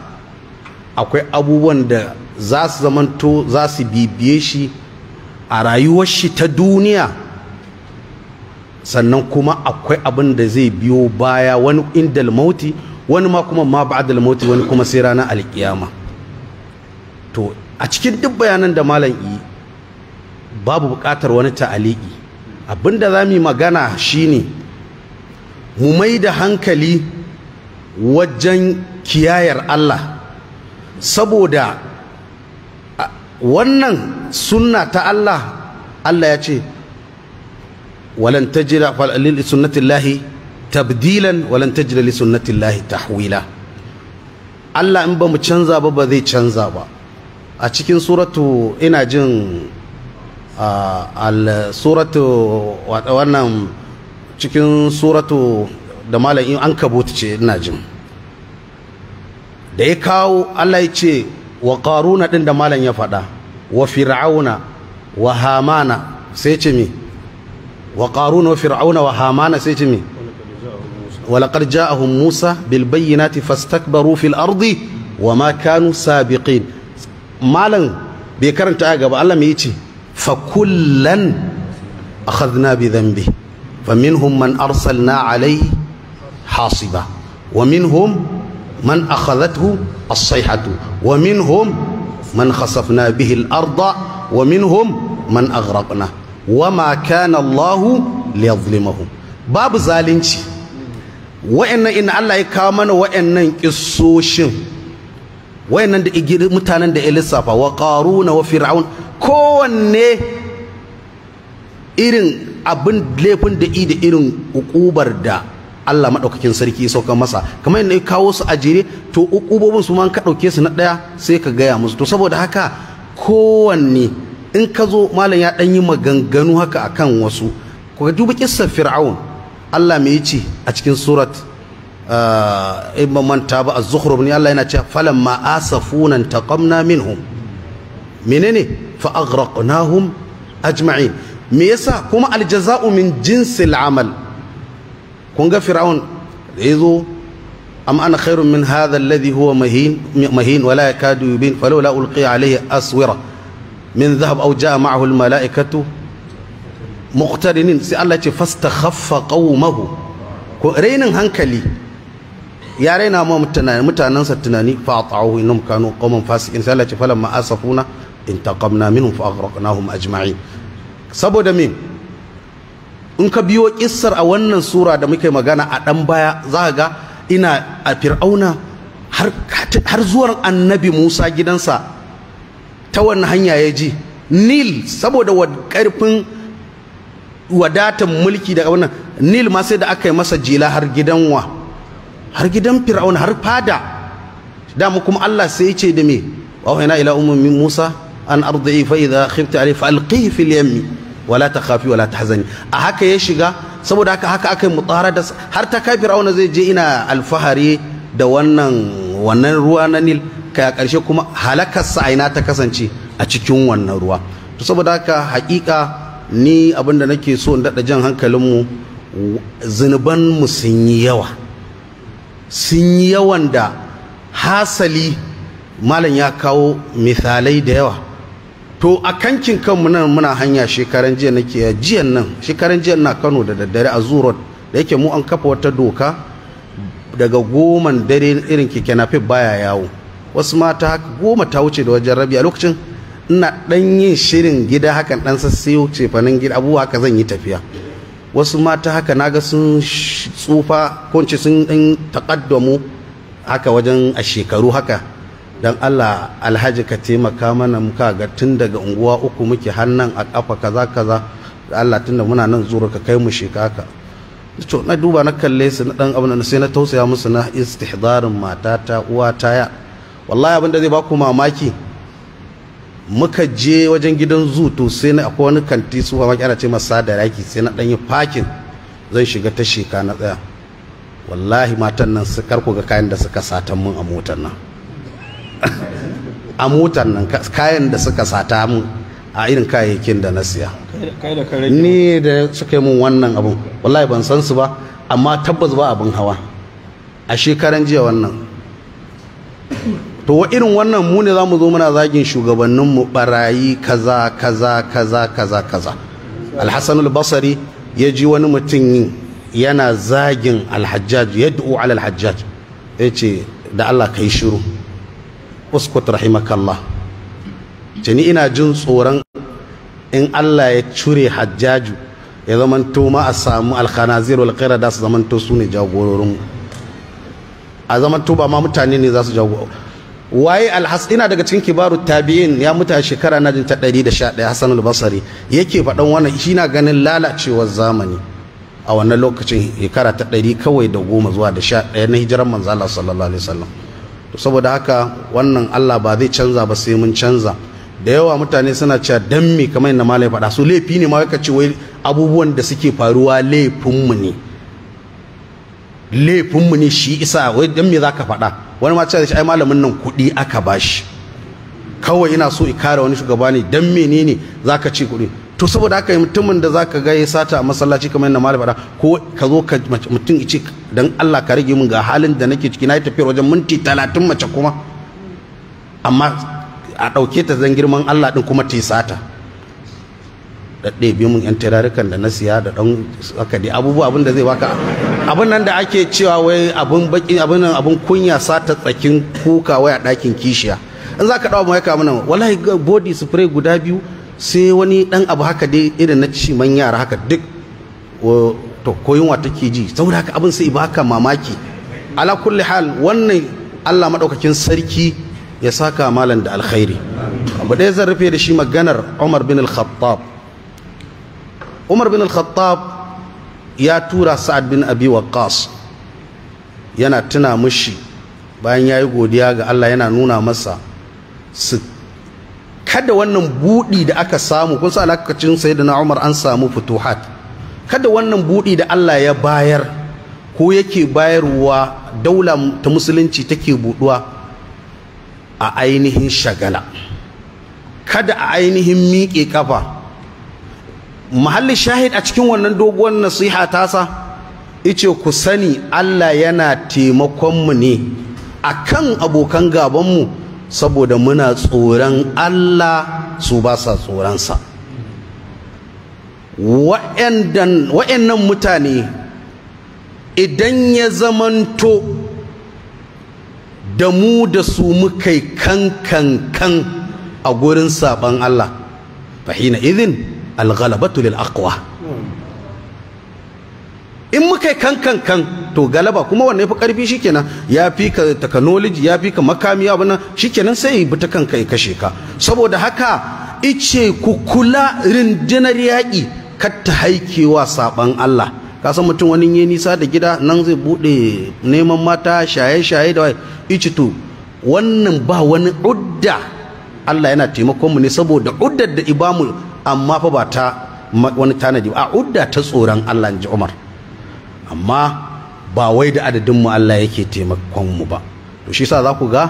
[SPEAKER 3] akwai abubuwan da za su zamanto za su bibiye shi a rayuwar shi ta duniya sannan kuma akwai abin da zai biyo baya wani indal mauti wani ma kuma ma ba'dal mauti wani kuma sai ranar alkiyama to a cikin duk bayanan da malam yi babu bukatar wani ta'aliki abinda za mu yi magana shine mu mai da hankali wajen kiyayar Allah saboda wannan sunna ta Allah Allah ya ce walan tajida sunnatin sunnatillahi tabdilan walan tajida li sunnatillahi tahwila Allah in ba mu canza ba ba zai canza ba a cikin suratu ina jin al suratu wannan cikin suratu da in an kabuta ce ina jin da ya kawo Allah ya ce wa ƙaruna ɗin da malam ya faɗa wa fir'auna wa hamana sai ce mi wa ƙaruna wa fir'auna wa hamana sai ce mi walaƙar ja'ahun musa bilbayyana ta fastakbaru fil ardi wa makanu sabiqin malam bai karanta a gaba allah mai ce fa kullan akhadna bi dhanbi fa minhum man arsalna alai hasiba wa minhum man akhadathu as-sayhatu wa minhum man khasafna bihi al-arda wa minhum man aghraqna wa ma kana Allah liyadhlimahum babu zalunci wa'annan in Allah ya kawo mana wa'annan kissoshin wa'annan da igiri mutanen da ya lissafa wa qaruna wa fir'aun kowanne irin abin laifin da i irin ukubar da Allah maɗaukakin sarki saukan masa kamar yadda ya kawo su a jere to ukubobin su ma ka ɗauke su na ɗaya sai ka gaya musu to saboda haka kowanne in ka zo malam ya ɗan yi maganganu haka a kan wasu ku duba kissar fir'aun Allah me yace a cikin surat ah, in manta ba az-zukhruf Allah yana cewa ma asafuna taqamna minhum menene fa aghraqnahum ajma'in me yasa kuma aljaza'u min jinsil amal kun ga fir'aun da ya zo am ana khairun min hadha alladhi huwa mahin mahin wala yakadu yubin falawla ulqiya alayhi aswira min dhahab aw jaa ma'ahu muqtarinin sai Allah ce fastakhaffa ko rainin hankali ya raina ma mutanen mutanansa tunani fa ta'ahu innahum kanu fasiqin sai Allah ce falamma asafuna intaqamna minhum fa aghraqnahum ajma'in saboda me in ka biyo kissar a wannan sura da muke magana a dan baya za ga ina a fir'auna har zuwan annabi Musa gidansa ta wannan hanya ya ji Nil saboda karfin wadatan mulki daga wannan Nil ma sai da aka yi masa jila har gidan wa har gidan fir'auna har fada da mu kuma Allah sai ya ce da me wa ila ummi Musa an ardi fa idha khifta alayhi fa fil wala takhafi wala tahzani a haka ya shiga saboda haka haka aka yi da har ta kai fir'auna zai je ina alfahari da wannan wannan ruwa na nil kai a ƙarshe kuma halakar sa aina ta kasance a cikin wannan ruwa to saboda haka haƙiƙa ni abinda nake so in daɗa jan hankalin mu zunuban mu sun yi yawa sun yi yawan da hasali malam ya kawo misalai da yawa to a kankin kanmu nan muna hanya shekaran jiya nake jiyan nan shekaran jiya na Kano da daddare a Zurot da yake mu an kafa wata doka daga goman dare irin keke napep baya yawo wasu mata goma ta wuce da wajen rabi a lokacin ina dan yin shirin gida hakan dan sassayo cefanin gida abubuwa haka zan yi tafiya wasu mata haka naga sun tsufa ko sun dan takaddamu haka wajen a shekaru haka don Allah alhaji ka taimaka mana muka ga tun daga unguwa uku muke hannan a kafa kaza kaza Allah tun muna nan zuwa ka kai mu shekaka to na duba na kalle su na dan abuna sai na tausaya musu na istihdarin matata uwa taya wallahi abin da zai baku mamaki muka je wajen gidan zu to sai na akwai wani kanti su ba maki ana ce masa raki sai na dan yi parking zan shiga ta sheka na tsaya wallahi matan nan su karku ga kayan da suka satan mun a motar nan a motar nan kayan da suka sata mu a irin kayayyakin da na siya ni da suka yi mun wannan abun wallahi ban san su ba amma tabbas ba abin hawa a shekaran jiya wannan to wa irin wannan mu ne za mu zo muna zagin shugabannin mu barayi kaza kaza kaza kaza kaza Alhassan basari ya ji wani mutum yana zagin alhajjaj yad'u ala alhajjaj ya ce da allah kai shiru uskut rahimakallah jini ina jin tsoron in Allah ya cure hajjaju ya zamanto ma a samu alkhanazir wal da su zamanto su ne jagororin a zamanto ba ma mutane ne za su jago. waye alhas ina daga cikin kibaru tabi'in ya mutu a shekara na jin ta 111 Hassan al-Basri yake faɗan wannan shi na ganin lalacewar zamani a wannan lokacin shekara ta 100 kawai da goma zuwa da 11 na hijiran manzo Allah sallallahu alaihi wasallam to saboda haka wannan Allah ba zai canza ba sai mun canza da yawa mutane suna cewa dan me kamar yadda malai faɗa su laifi ne ma ka ce wai abubuwan da suke faruwa laifinmu ne laifinmu ne shi isa wai dan me zaka faɗa wani ma cewa ai malamin nan kuɗi aka bashi kawai ina so i kare wani shugaba ne dan menene zaka ce kuɗi to saboda haka mutumin da zaka ga ya sata a masallaci kamar yadda malam faɗa ko ka zo ka mutum ice dan Allah ka rage min ga halin da nake ciki na yi tafiyar wajen minti talatin mace kuma amma a ɗauke ta zan girman Allah ɗin kuma ta yi sata da ɗebe mun yan tirarukan da na siya da ɗan haka dai abubuwa abin da zai baka abin nan da ake cewa wai abin baƙi abin nan abin kunya sata tsakin kuka wai a ɗakin kishiya in za ka ɗawa mai kama nan wallahi body spray guda biyu sai wani dan abu haka dai irin na ciman yara haka duk to wa take ji saboda haka abin sai baka mamaki ala kulli hal wannan Allah madaukakin sarki ya saka malan da alkhairi abu dai zan rufe da shi maganar Umar bin al-Khattab Umar bin al-Khattab ya tura Sa'ad bin Abi Waqqas yana tuna mushi bayan yayi godiya ga Allah yana nuna masa kada wannan buɗi da aka samu kun sa alakacin sayyidina Umar an samu futuhat kada wannan buɗi da Allah ya bayar ko yake bayarwa daula ta musulunci take buɗuwa a ainihin shagala kada a ainihin miƙe ƙafa mahallin shahid a cikin wannan doguwar nasiha tasa ice ku sani Allah yana taimakon mu ne kan abokan gabanmu. saboda muna tsoron Allah su ba sa tsoronsa wa'annan mutane idan ya zamanto da mu da su muka kan kan kan a gurin saban Allah fahina idin alghalabatu lil aqwa in muka yi kankan kan to galaba kuma wannan fi karfi shikenan ya fi ka technology ya fi ka makami abu nan shikenan sai bi ta kanka ya kashe ka saboda haka ice ku kula rindinar yaƙi kar ta haikewa saban Allah ka san mutum wani ya nisa da gida nan zai bude neman mata shaye-shaye da ice to wannan ba wani udda Allah yana taimakon mu ne saboda uddar da ibamu amma fa ba ta wani tanadi a udda ta tsoron Allah in ji Umar amma ba wai da adadin mu Allah yake taimakon mu ba to shi yasa za ku ga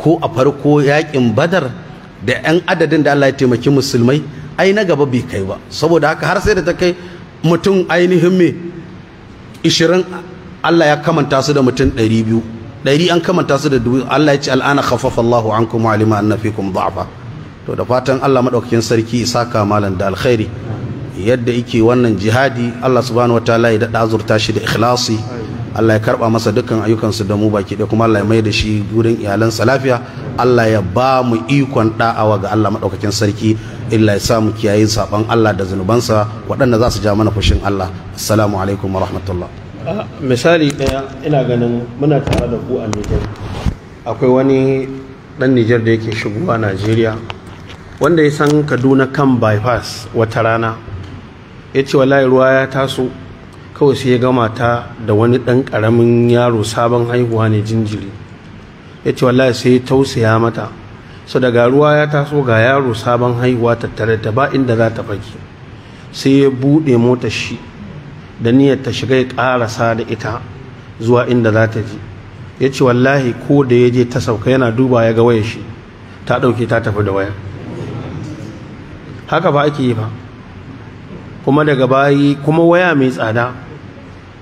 [SPEAKER 3] ko a farko yakin badar da yan adadin da Allah ya taimaki musulmai ai na gaba bai kai ba saboda haka har sai da ta kai mutum ainihin me 20 Allah ya kamanta su da mutum 200 ɗari an kamanta su da dubu Allah ya ce al'ana khaffafa Allahu ankum wa alima anna fikum da'fa to da fatan Allah madaukakin sarki isaka malan da alkhairi yadda yake wannan jihadi Allah subhanahu wataala ya dada azurta shi da ikhlasi Allah ya karba masa dukkan su da mu baki ɗaya kuma Allah ya maida da shi gurin iyalansa lafiya Allah ya ba mu ikon da'awa ga Allah maɗaukakin sarki illa ya sa mu kiyaye saban Allah da zunubansa waɗanda za su ja mana fushin Allah assalamu alaikum wa rahmatullah
[SPEAKER 2] ah, misali ɗaya ina ganin muna tare da ku a Niger akwai wani ɗan Niger da yake shigowa Najeriya wanda ya san Kaduna kan bypass wata rana ya ce wallahi ruwa ya taso kawai sai ya gama ta da wani ɗan ƙaramin yaro sabon haihuwa ne jinjiri ya ce wallahi sai ya tausaya mata so daga ruwa ya taso ga yaro sabon haihuwa tattare da ba inda za ta faki sai ya buɗe mota shi da niyyar ta shiga ya ƙarasa da ita zuwa inda za ta je ya ce wallahi ko da ya je ta sauka yana duba ya ga wayar shi ta ɗauke ta tafi da waya haka ba ake yi ba kuma daga bayi kuma waya mai tsada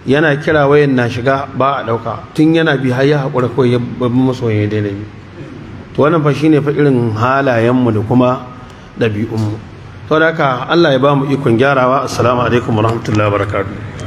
[SPEAKER 2] yana kira wayan na shiga ba a ɗauka tun yana bi har ya haƙura ko ya babu masoyin ya daina to wannan fa shine fa irin halayenmu da kuma ɗabi'unmu to da haka Allah ya ba mu ikon gyarawa assalamu alaikum warahmatullahi
[SPEAKER 1] wabarakatuh